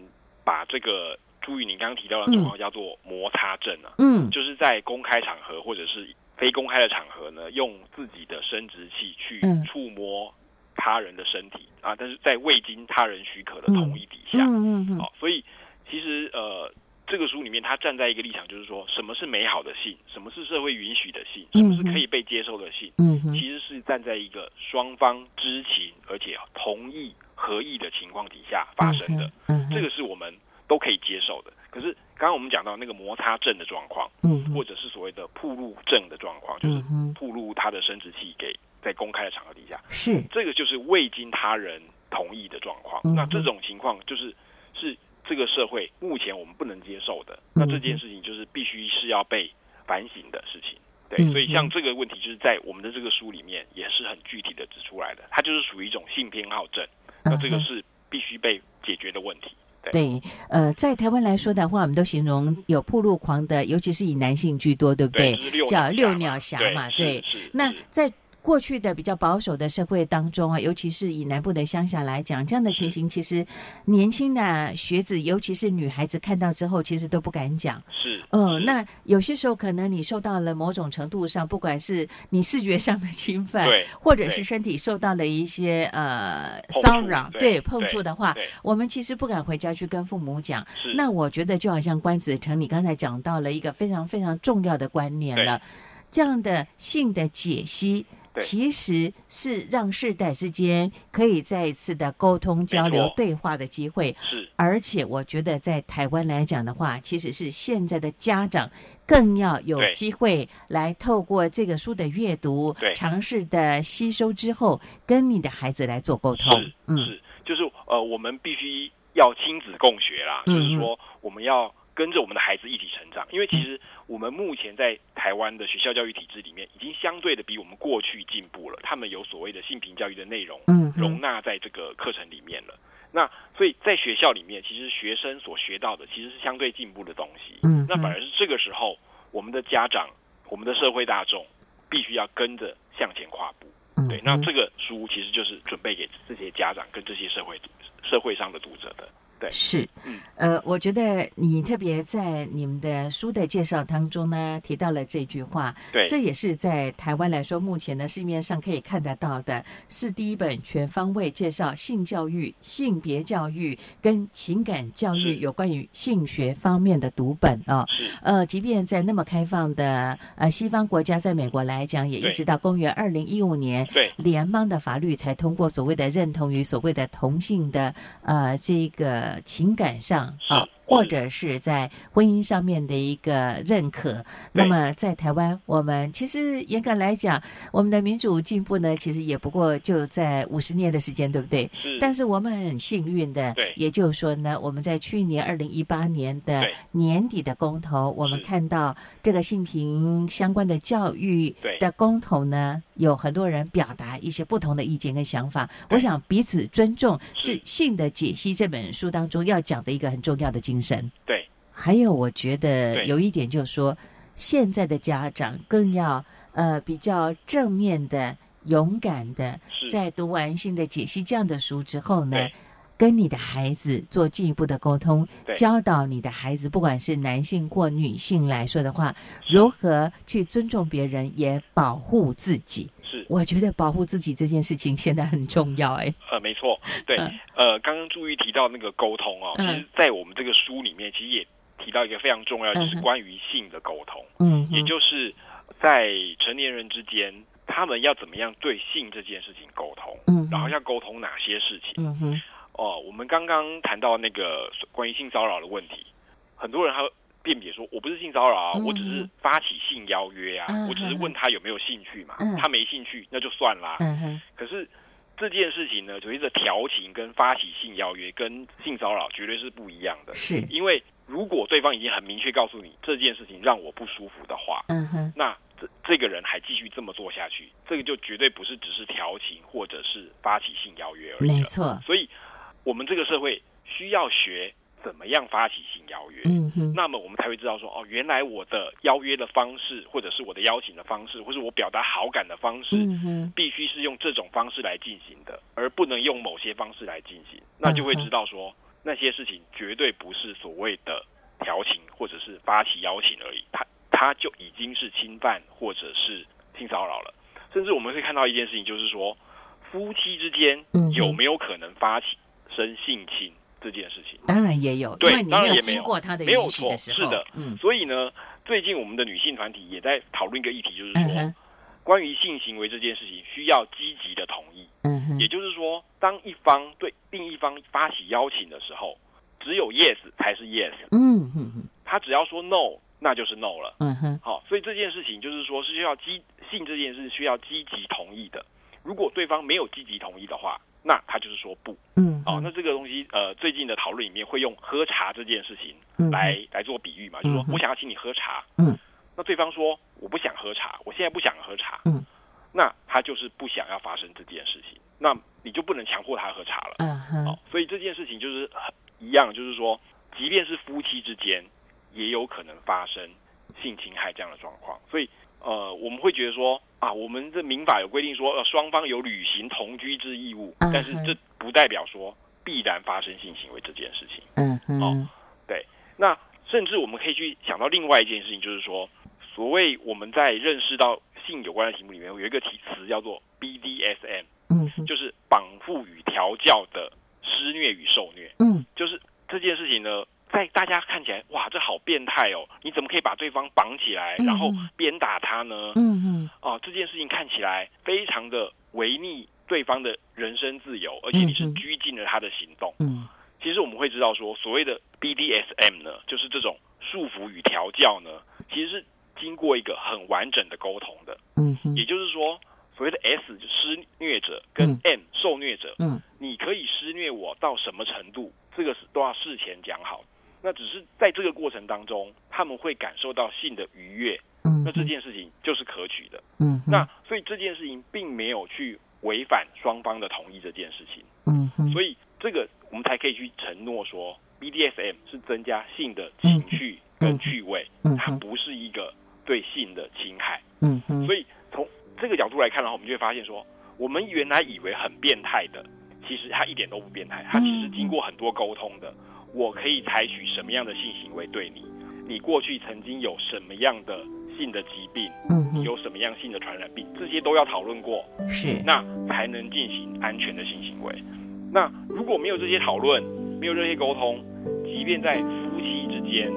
把這個朱玉寧剛剛提到的狀況叫做摩擦症啊，嗯，就是在公開場合或者是非公開的場合呢，用自己的生殖器去觸摸他人的身體、嗯、啊，但是在未經他人許可的同意底下，嗯嗯，好、嗯嗯嗯哦，所以其實呃。這個書裡面，他站在一個立場，就是說什麼是美好的性，什麼是社會允許的性，什麼是可以被接受的性，嗯哼，其實是站在一個雙方知情而且同意合意的情況底下發生的，嗯嗯、這個是我們都可以接受的。可是剛剛我們講到那個摩擦症的狀況，嗯哼，或者是所謂的曝露症的狀況，嗯、哼就是曝露他的生殖器給在公開的場合底下，是這個就是未經他人同意的狀況。嗯、哼那這種情況就是是。這個社會目前我們不能接受的，那這件事情就是必須是要被反省的事情。嗯、對，嗯、所以像這個問題就是在我們的這個書裡面也是很具體的指出來的，它就是屬於一種性偏好症，嗯、那這個是必須被解決的問題。嗯、對，對，呃，在台灣來說的話，我們都形容有暴露狂的，尤其是以男性居多，對不對？對六叫六鳥俠嘛，對。那在過去的比較保守的社會當中啊，尤其是以南部的鄉下來講，這樣的情形，其實年輕的學子，尤其是女孩子看到之後，其實都不敢講。是，嗯，那有些時候可能你受到了某種程度上，不管是你視覺上的侵犯，對，或者是身體受到了一些呃騷擾，對，碰觸的話，我們其實不敢回家去跟父母講。是，那我覺得就好像關子成，你剛才講到了一個非常非常重要的觀念了，這樣的性的解析。其實是讓世代之間可以再一次的溝通、交流、對話的機會。是，而且我覺得在台灣來講的話，其實是現在的家長更要有機會來透過這個書的閱讀，嘗試的吸收之後，跟你的孩子來做溝通。嗯，是，就是呃，我們必須要親子共學啦，就是說我們要。跟着我們的孩子一起成長，因為其實我們目前在台灣的學校教育體制裡面，已經相對的比我們過去進步了。他們有所謂的性平教育的內容，嗯，容納在這個課程裡面了。那所以在學校裡面，其實學生所學到的其實是相對進步的東西，嗯。那反而是這個時候，我們的家長、我們的社會大眾，必須要跟着向前跨步，對。那這個書其實就是準備給這些家長跟這些社會社會上的讀者的。對是，呃，我覺得你特別在你們的書的介紹當中呢，提到了這句話，對，這也是在台灣來說，目前呢市面上，可以看得到的，是第一本全方位介紹性教育、性別教育跟情感教育有關於性學方面的讀本哦，呃，即便在那麼開放的呃西方國家，在美國來講，也一直到公元二零一五年，對，對，聯邦的法律才通過所謂的認同於所謂的同性的呃這個。情感上啊，哦、或者是在婚姻上面的一個認可。對那麼在台灣，我們其實嚴格來講，我們的民主進步呢，其實也不過就在五十年的時間，對不對？是。但是我們很幸運的，對也就是說呢，我們在去年二零一八年的年底的公投，對我們看到這個性平相關的教育的公投呢。有很多人表達一些不同的意見跟想法，對我想彼此尊重是《性的解析》這本書當中要講的一個很重要的精神。對，還有我覺得有一點就是說，對現在的家長更要呃比較正面的、勇敢的，是在讀完《性的解析》這樣的書之後呢。跟你的孩子做進一步的溝通，對教導你的孩子，不管是男性或女性來說的話，是如何去尊重別人，也保護自己。是，我覺得保護自己這件事情現在很重要、欸。哎，呃，沒錯，對，呃，呃，剛剛注意提到那個溝通哦、啊，嗯、其實在我們這個書裡面，其實也提到一個非常重要，就是關於性的溝通。嗯哼，也就是在成年人之間，他們要怎麼樣對性這件事情溝通，嗯哼，然後要溝通哪些事情。嗯哼。哦，我們剛剛談到那個關於性騷擾的問題，很多人他辨別說：“我不是性騷擾啊，我只是發起性邀約啊，嗯、哼我只是問他有沒有興趣嘛，嗯、哼他沒興趣那就算啦。嗯哼”可是這件事情呢，所謂的調情跟發起性邀約跟性騷擾絕，絕對是不一樣的。是因為如果對方已經很明確告訴你這件事情讓我不舒服的話，嗯、哼那這這個人還繼續這麼做下去，這個就絕對不是只是調情或者是發起性邀約而已。沒錯，所以。我們這個社會需要學怎麼樣發起性邀約，嗯哼，那麼我們才會知道說哦，原來我的邀約的方式，或者是我的邀請的方式，或是我表達好感的方式，嗯、哼必須是用這種方式來進行的，而不能用某些方式來進行。那就會知道說、嗯、哼那些事情絕對不是所謂的調情，或者是發起邀請而已，它它就已經是侵犯或者是性騷擾了。甚至我們會看到一件事情，就是說夫妻之間有沒有可能發起？真性侵這件事情，當然也有，因為你沒有經過他的允許的時候。是的，嗯，所以呢，最近我們的女性團體也在討論一個議題，就是說，嗯、哼關於性行為這件事情，需要積極的同意。嗯哼，也就是說，當一方對另一方發起邀請的時候，只有 yes 才是 yes。嗯哼哼，他只要說 no，那就是 no 了。嗯哼，好、哦，所以這件事情就是說，是需要積性這件事需要積極同意的。如果對方沒有積極同意的話，那他就是說不，嗯哼，哦，那這個東西，呃，最近的討論裡面會用喝茶這件事情來，來、嗯、哼來做比喻嘛，就是說我想要請你喝茶，嗯哼，那對方說我不想喝茶，我現在不想喝茶，嗯，那他就是不想要發生這件事情，那你就不能強迫他喝茶了，嗯哼，好、哦，所以這件事情就是很一樣，就是說，即便是夫妻之間，也有可能發生性侵害這樣的狀況，所以。呃，我們會覺得說啊，我們的民法有規定說，呃，雙方有履行同居之義務，但是這不代表說必然發生性行為這件事情。嗯哼，好、哦，對。那甚至我們可以去想到另外一件事情，就是說，所謂我們在認識到性有關的題目裡面，有一個題詞叫做 BDSM，嗯哼，就是綁縛與調教的施虐與受虐，嗯，就是這件事情呢。在大家看起來，哇，這好變態哦！你怎麼可以把對方綁起來，然後鞭打他呢？嗯嗯，哦，這件事情看起來非常的違逆對方的人身自由，而且你是拘禁了他的行動。嗯，其實我們會知道說，所謂的 BDSM 呢，就是這種束縛與調教呢，其實是經過一個很完整的溝通的。嗯，也就是說，所謂的 S 就施虐者跟 M 受虐者，嗯，你可以施虐我到什麼程度，這個是都要事前講好。那只是在這個過程當中，他們會感受到性的愉悅，那這件事情就是可取的。嗯、哼那所以這件事情並沒有去違反雙方的同意這件事情。嗯、哼所以這個我們才可以去承諾說，BDSM 是增加性的情趣跟趣味，嗯、哼它不是一個對性的侵害。嗯、哼所以從這個角度來看的話，我們就會發現說，我們原來以為很變態的，其實他一點都不變態，他其實經過很多溝通的。我可以採取什麼樣的性行為對你？你過去曾經有什麼樣的性的疾病？嗯，有什麼樣的性的傳染病？這些都要討論過，是，那才能進行安全的性行為。那如果沒有這些討論，沒有這些溝通，即便在夫妻之間，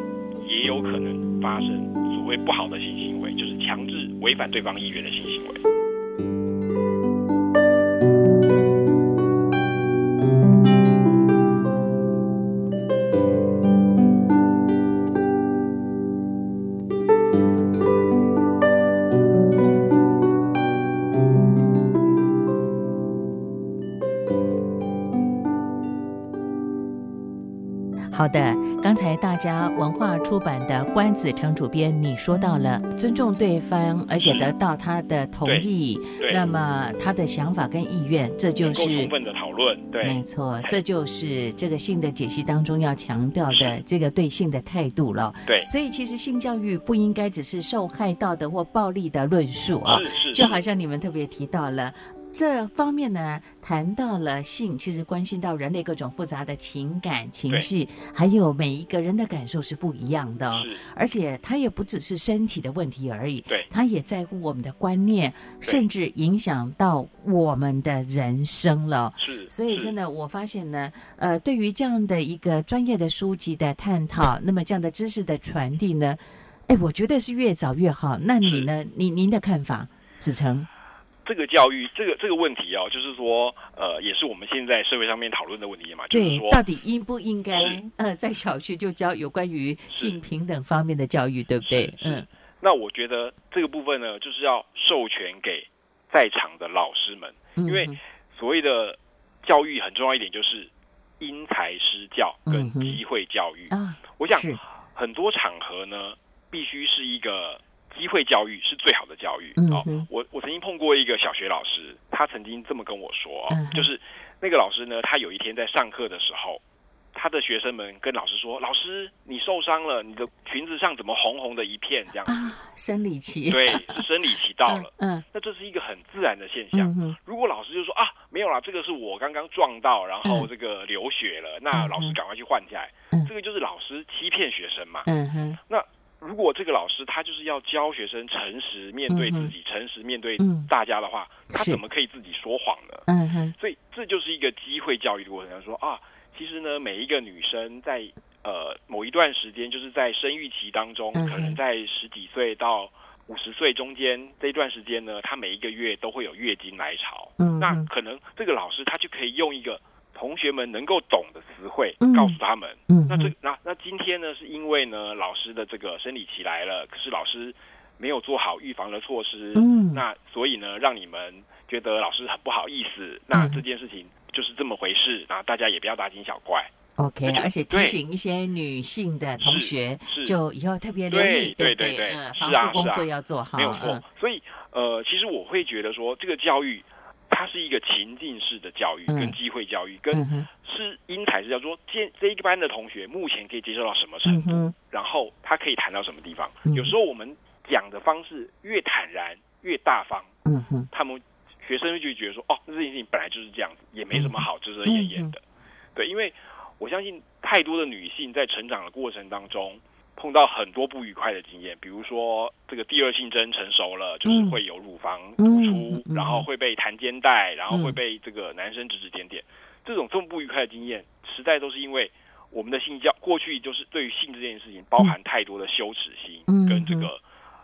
也有可能發生所謂不好的性行為，就是強制違反對方意願的性行為。好的，剛才大家文化出版的關子成主編，你說到了尊重對方，是而且得到他的同意，那麼他的想法跟意願，這就是過分的討論。對，沒錯，這就是這個性的解析當中要強調的這個對性的態度了。對，所以其實性教育不應該只是受害道德或暴力的論述啊、哦，就好像你們特別提到了。這方面呢，談到了性，其實關心到人類各種複雜的情感、情緒，對還有每一個人的感受是不一樣的、哦、是而且它也不只是身體的問題而已。對它也在乎我們的觀念，對甚至影響到我們的人生了。對所以真的，我發現呢，呃，對於這樣的一個專業的書籍的探討，嗯、那麼這樣的知識的傳遞呢，哎，我覺得是越早越好。那你呢？您是您的看法，子成？這個教育，這個這個問題哦，就是說，呃，也是我們現在社會上面討論的問題嘛，對就是說，到底應不應該，是呃，在小區學就教有關於性平等方面的教育，是對不對？嗯，那我覺得這個部分呢，就是要授權給在場的老師們，因為所謂的教育很重要一點，就是因材施教跟機會教育、嗯、啊。我想是很多場合呢，必須是一個。機會教育是最好的教育。嗯、哼哦，我我曾經碰過一個小學老師，他曾經這麼跟我說、哦、就是那個老師呢，他有一天在上課的時候，他的學生們跟老師說：“老師，你受傷了，你的裙子上怎麼紅紅的一片？”這樣子、啊、生理期對，生理期到了。嗯，嗯，那這是一個很自然的現象。嗯、哼如果老師就說啊，沒有啦，這個是我剛剛撞到，然後這個流血了，嗯、那老師趕快去換下來。嗯哼，這個就是老師欺騙學生嘛。嗯哼，那。如果這個老師他就是要教學生誠實面對自己，mm hmm. 誠實面對大家的話，mm hmm. 他怎麼可以自己說謊呢？Mm hmm. 所以這就是一個機會教育的過程。說啊，其實呢，每一個女生在呃某一段時間，就是在生育期當中，mm hmm. 可能在十幾歲到五十歲中間這一段時間呢，她每一個月都會有月經來潮。Mm hmm. 那可能這個老師他就可以用一個。同學們能夠懂的詞彙，告訴他們。嗯，那這那那今天呢，是因為呢老師的這個生理期來了，可是老師沒有做好預防的措施。嗯，那所以呢讓你們覺得老師很不好意思。那這件事情就是這麼回事，那大家也不要大驚小怪。OK，而且提醒一些女性的同學，就以後特別留意，對對對，是啊，防護工作要做好。沒有錯。所以呃，其實我會覺得說這個教育。它是一個情境式的教育，跟機會教育，跟是因材是叫做，這這一個班的同學目前可以接受到什麼程度，然後他可以談到什麼地方。有時候我們講的方式越坦然，越大方，嗯哼，他們學生就覺得說，哦，這件事情本來就是這樣子，也沒什麼好遮遮掩掩的，對，因為我相信太多的女性在成長的過程當中，碰到很多不愉快的經驗，比如說這個第二性徵成熟了，就是會有乳房突出，然後會被彈肩帶，然後會被這個男生指指點點，這種這麼不愉快的經驗，實在都是因為我們的性教過去就是對於性這件事情包含太多的羞恥心跟這個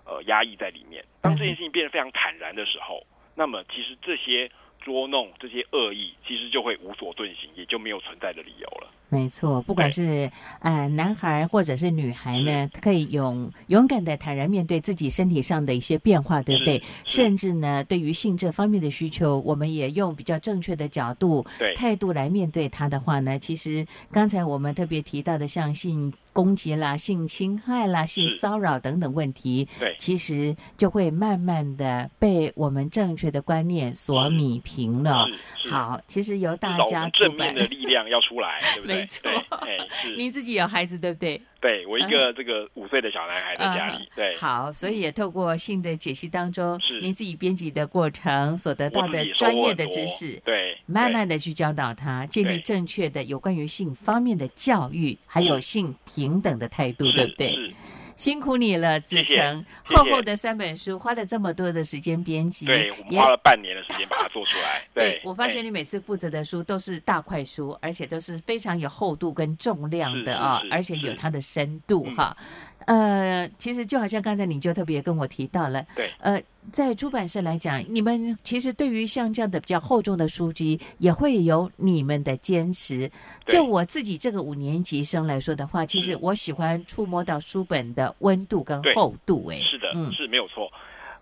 呃壓抑在裡面。當這件事情變得非常坦然的時候，那麼其實這些捉弄、這些惡意，其實就會無所遁形，也就沒有存在的理由了。沒錯，不管是對呃男孩，或者是女孩呢，他是可以勇勇敢的坦然面對自己身體上的一些變化，對不對？甚至呢，對於性這方面的需求，我們也用比較正確的角度、對態度來面對他的話呢，其實剛才我們特別提到的像性攻擊啦、性侵害啦、是性騷擾等等問題，對，其實就會慢慢的被我們正確的觀念所弭平了。好，其實由大家正面的力量要出來，對不對？ *laughs* 沒錯，您自己有孩子對不對？對，我一個這個五歲的小男孩在家裡，嗯呃、對。好，所以也透過性的解析當中，您是自己編輯的過程所得到的專業的知識，對，慢慢的去教導他，對建立正確的有關於性方面的教育，對還有性平等的態度，是對不對？辛苦你了，子成，謝謝謝謝，厚厚的三本書，花了這麼多的時間編輯，對，也我們花了半年的時間把它做出來。 *laughs* 對，對，我發現你每次負責的書都是大塊書，欸、而且都是非常有厚度跟重量的啊，是是是是，而且有它的深度哈。呃，其實就好像剛才你就特別跟我提到了，對，呃，在出版社來講，你們其實對於像這樣的比較厚重的書籍，也會有你們的堅持。對就我自己這個五年級生來說的話，嗯、其實我喜歡觸摸到書本的溫度跟厚度、欸。哎，是的，是沒有錯。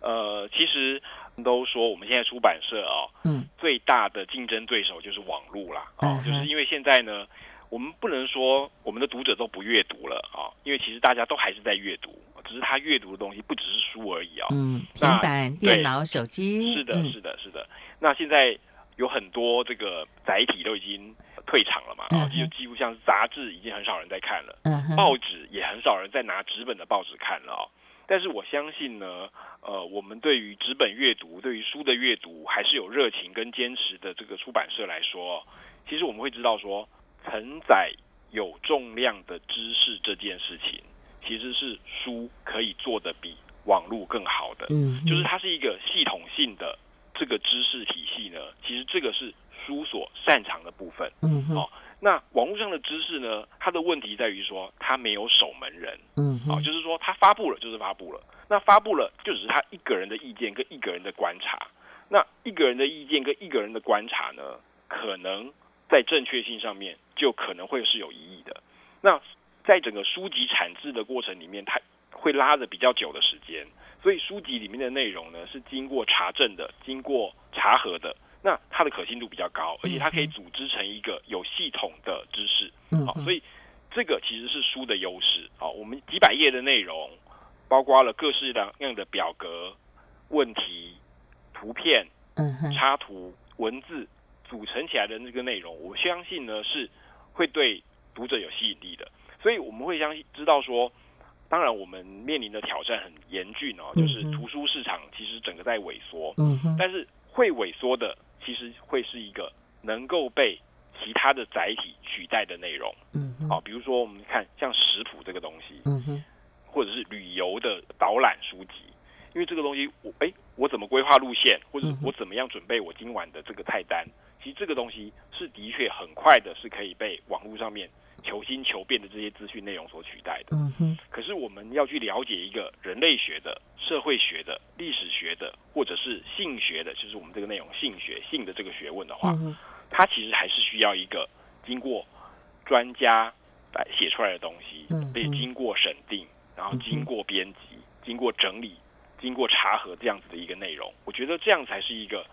嗯、呃，其實都說我們現在出版社啊、哦，嗯，最大的競爭對手就是網絡啦。嗯、哦，就是因為現在呢。我們不能說我們的讀者都不閱讀了啊、哦，因為其實大家都還是在閱讀，只是他閱讀的東西不只是書而已啊、哦。嗯，平板、啊、電腦、對電腦手機。是的，是的，是的，是的、嗯，是的。那現在有很多這個載體都已經退場了嘛，就、嗯哼啊、幾乎像是雜誌已經很少人在看了，嗯、哼報紙也很少人在拿紙本的報紙看了啊、哦。但是我相信呢，呃，我們對於紙本閱讀、對於書的閱讀還是有熱情跟堅持的。這個出版社來說，其實我們會知道說。承載有重量的知識這件事情，其實是書可以做得比網絡更好的。嗯哼，就是它是一個系統性的這個知識體系呢，其實這個是書所擅長的部分。嗯好哼、哦、那網絡上的知識呢，它的問題在於說它沒有守門人。嗯好哼、哦、就是說它發布了就是發布了，那發布了就只是他一個人的意見跟一個人的觀察。那一個人的意見跟一個人的觀察呢，可能。在正確性上面就可能會是有疑義的。那在整個書籍產製的過程裡面，它會拉得比較久的時間，所以書籍裡面的內容呢是經過查證的、經過查核的，那它的可信度比較高，而且它可以組織成一個有系統的知識。好、嗯哼啊，所以這個其實是書的優勢。好、啊，我們幾百頁的內容，包括了各式各樣的表格、問題、圖片、插圖、文字。嗯組成起來的那個內容，我相信呢是會對讀者有吸引力的，所以我們會相信知道說，當然我們面臨的挑戰很嚴峻哦，就是圖書市場其實整個在萎縮，但是會萎縮的其實會是一個能夠被其他的載體取代的內容，嗯啊，比如說我們看像食譜這個東西，嗯或者是旅遊的導覽書籍。因為這個東西，我哎，我怎麼規劃路線，或者我怎麼樣準備我今晚的這個菜單？其實這個東西是的確很快的，是可以被網絡上面求新求變的這些資訊內容所取代的。嗯哼。可是我們要去了解一個人類學的、社會學的、歷史學的，或者是性學的，就是我們這個內容性學性的這個學問的話，嗯、哼它其實還是需要一個經過專家來寫出來的東西，嗯、哼被經過審定，然後經過編輯、經過整理。經過查核，這樣子的一個內容，我覺得這樣才是一個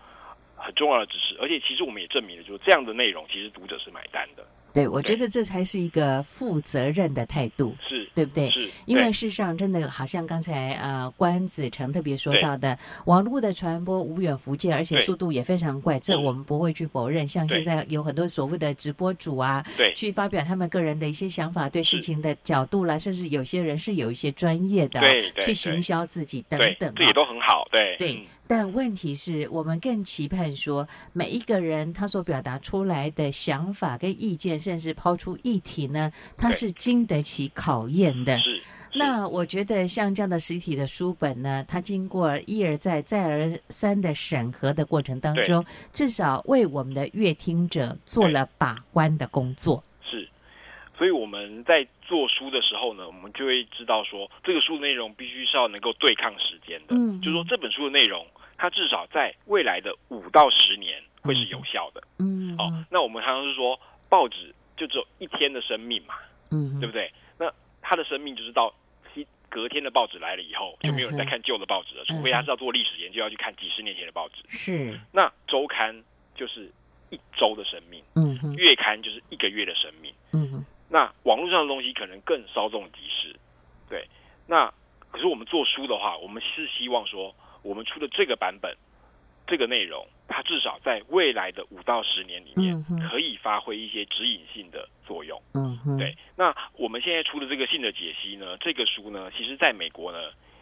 很重要的知識，而且其實我們也證明了，就是這樣的內容其實讀者是買單的。對，我覺得這才是一個負責任的態度，是對不對？因為事實上真的好像剛才呃關子成特別說到的，網絡的傳播無遠弗屆，而且速度也非常快，這我們不會去否認。像現在有很多所謂的直播主啊，去發表他們個人的一些想法，對事情的角度啦，甚至有些人是有一些專業的，去行銷自己等等嘛，這也都很好，對。對。但問題是，我們更期盼說，每一個人他所表達出來的想法跟意見，甚至拋出議題呢，他是經得起考驗的。是。那我覺得像這樣的實體的書本呢，它經過一而再、再而三的審核的過程當中，對至少為我們的閱聽者做了把關的工作。所以我們在做書的時候呢，我們就會知道說，這個書的內容必須是要能夠對抗時間的。嗯，就是說這本書的內容，它至少在未來的五到十年會是有效的。嗯，嗯，哦，那我們常常是說，報紙就只有一天的生命嘛。嗯，對不對？那它的生命就是到隔天的報紙來了以後，就沒有人再看舊的報紙了，嗯，除非他是要做歷史研究，要去看幾十年前的報紙。是。那週刊就是一週的生命。嗯。嗯，月刊就是一個月的生命。嗯。嗯那網絡上的東西可能更稍縱即逝，對。那可是我們做書的話，我們是希望說，我們出的這個版本，這個內容，它至少在未來的五到十年裡面，可以發揮一些指引性的作用。嗯哼。對。那我們現在出的這個性的解析呢，這個書呢，其實在美國呢，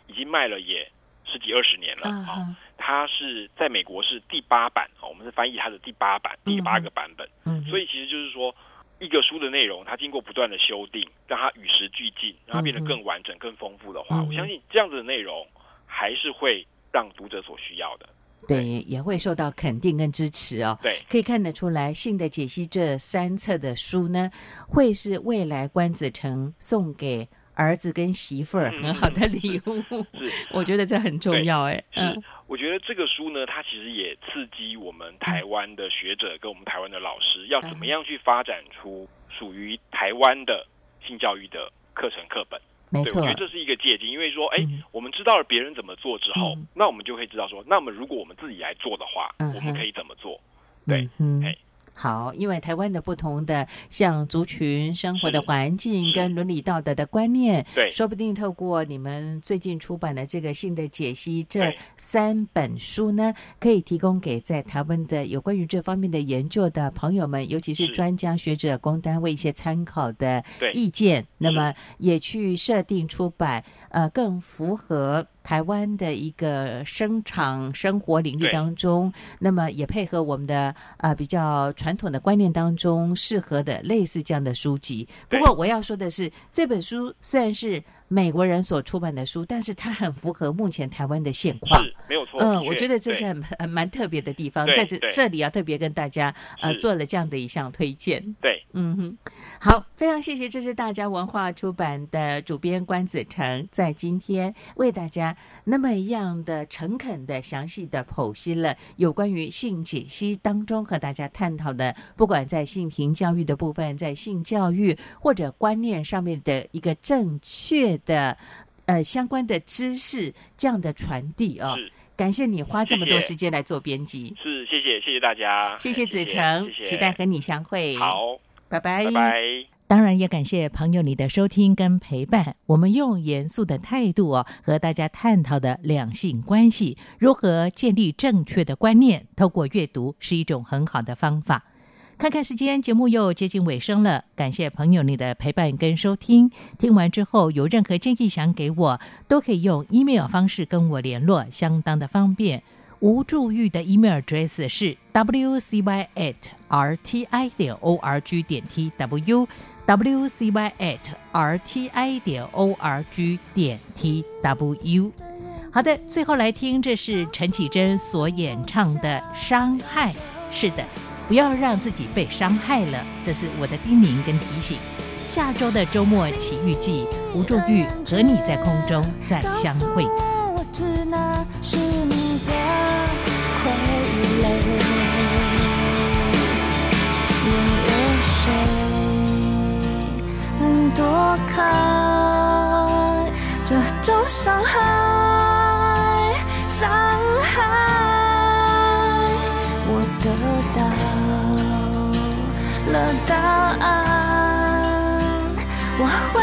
已經賣了也十幾二十年了啊、嗯哼哦。它是在美國是第八版啊、哦，我們是翻譯它的第八版，嗯、哼第八個版本。嗯哼。所以其實就是說。一個書的內容，它經過不斷的修訂，讓它與時俱進，讓它變得更完整，嗯、哼更豐富的話，我相信這樣子的內容還是會讓讀者所需要的。對，對也會受到肯定跟支持哦。對，可以看得出來，《性的解析》這三冊的書呢，會是未來關子成送給。兒子跟媳婦兒很好的禮物。嗯、我覺得這很重要哎。對嗯、是，我覺得這個書呢，它其實也刺激我們台灣的學者跟我們台灣的老師，要怎麼樣去發展出屬於台灣的性教育的課程課本。沒錯對，我覺得這是一個借鑒，因為說，哎，我們知道了別人怎麼做之後，嗯、那我們就會知道說，那麼如果我們自己來做的話，我們可以怎麼做？嗯、哼對，好，因為台灣的不同的像族群、生活的環境跟倫理道德的觀念，說不定透過你們最近出版的這個性的解析這三本書呢，對可以提供給在台灣的有關於這方面的研究的朋友們，尤其是專家學者、公單位一些參考的意見。那麼也去設定出版，呃，更符合。台灣的一個生產生活領域當中，對那麼也配合我們的啊、呃、比較傳統的觀念當中適合的類似這樣的書籍。不過我要說的是，對這本書雖然是，美國人所出版的書，但是它很符合目前台灣的現況，沒有錯。嗯、呃，確我覺得這是很對蠻特別的地方，在這這裡要特別跟大家呃是做了這樣的一項推薦。對，嗯哼，好，非常謝謝，這是大家文化出版的主編關子成，在今天為大家那麼一樣的誠懇的、詳細的剖析了有關於性解析當中和大家探討的，不管在性平教育的部分，在性教育或者觀念上面的一個正確的，呃，相關的知識這樣的傳遞啊、哦，是感謝你花這麼多時間來做編輯，是，是謝謝謝謝大家，謝謝子成，謝謝期待和你相會，好，拜拜拜拜，Bye bye。當然也感謝朋友你的收聽跟陪伴，我們用嚴肅的態度哦和大家探討的兩性關係，如何建立正確的觀念，透過閱讀是一種很好的方法。看看時間，節目又接近尾聲了。感謝朋友你的陪伴跟收聽。聽完之後有任何建議想給我，都可以用 email 方式跟我聯絡，相當的方便。吳祝玉的 email address 是 w c y AT r t i 點 org 點 t w w c y AT r t i 點 org 點 tw。好的，最後來聽，這是陳綺貞所演唱的《傷害》。是的。不要讓自己被傷害了，這是我的叮嚀跟提醒。下周的周末奇遇記，吳仲玉和你在空中再相會。我只能是你的傀儡，沒有誰能躲開這種傷害，傷害。答案，我會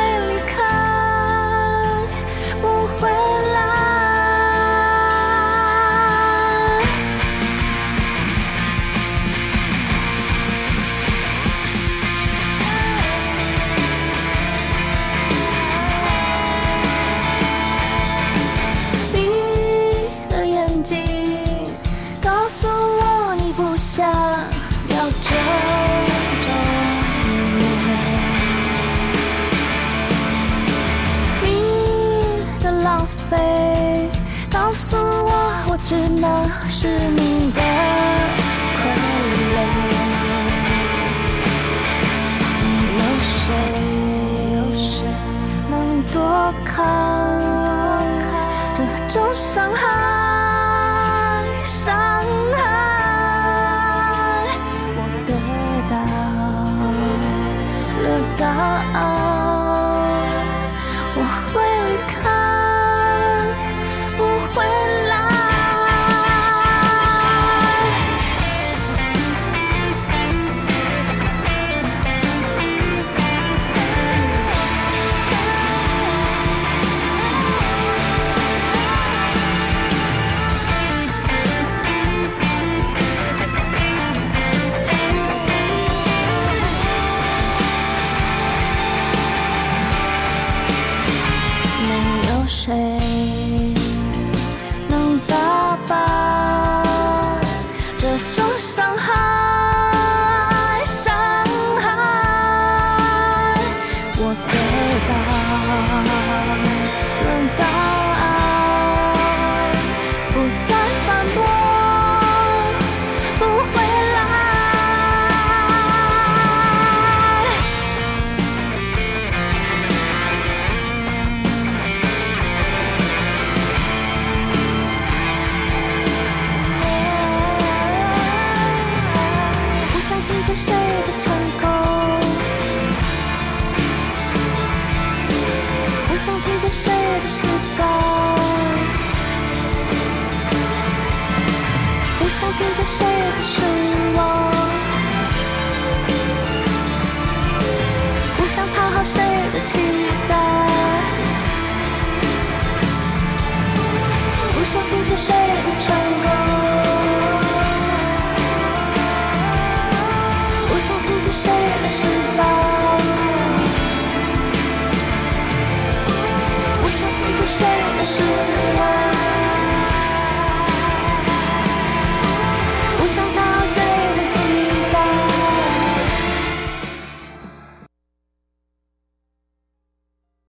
傷害。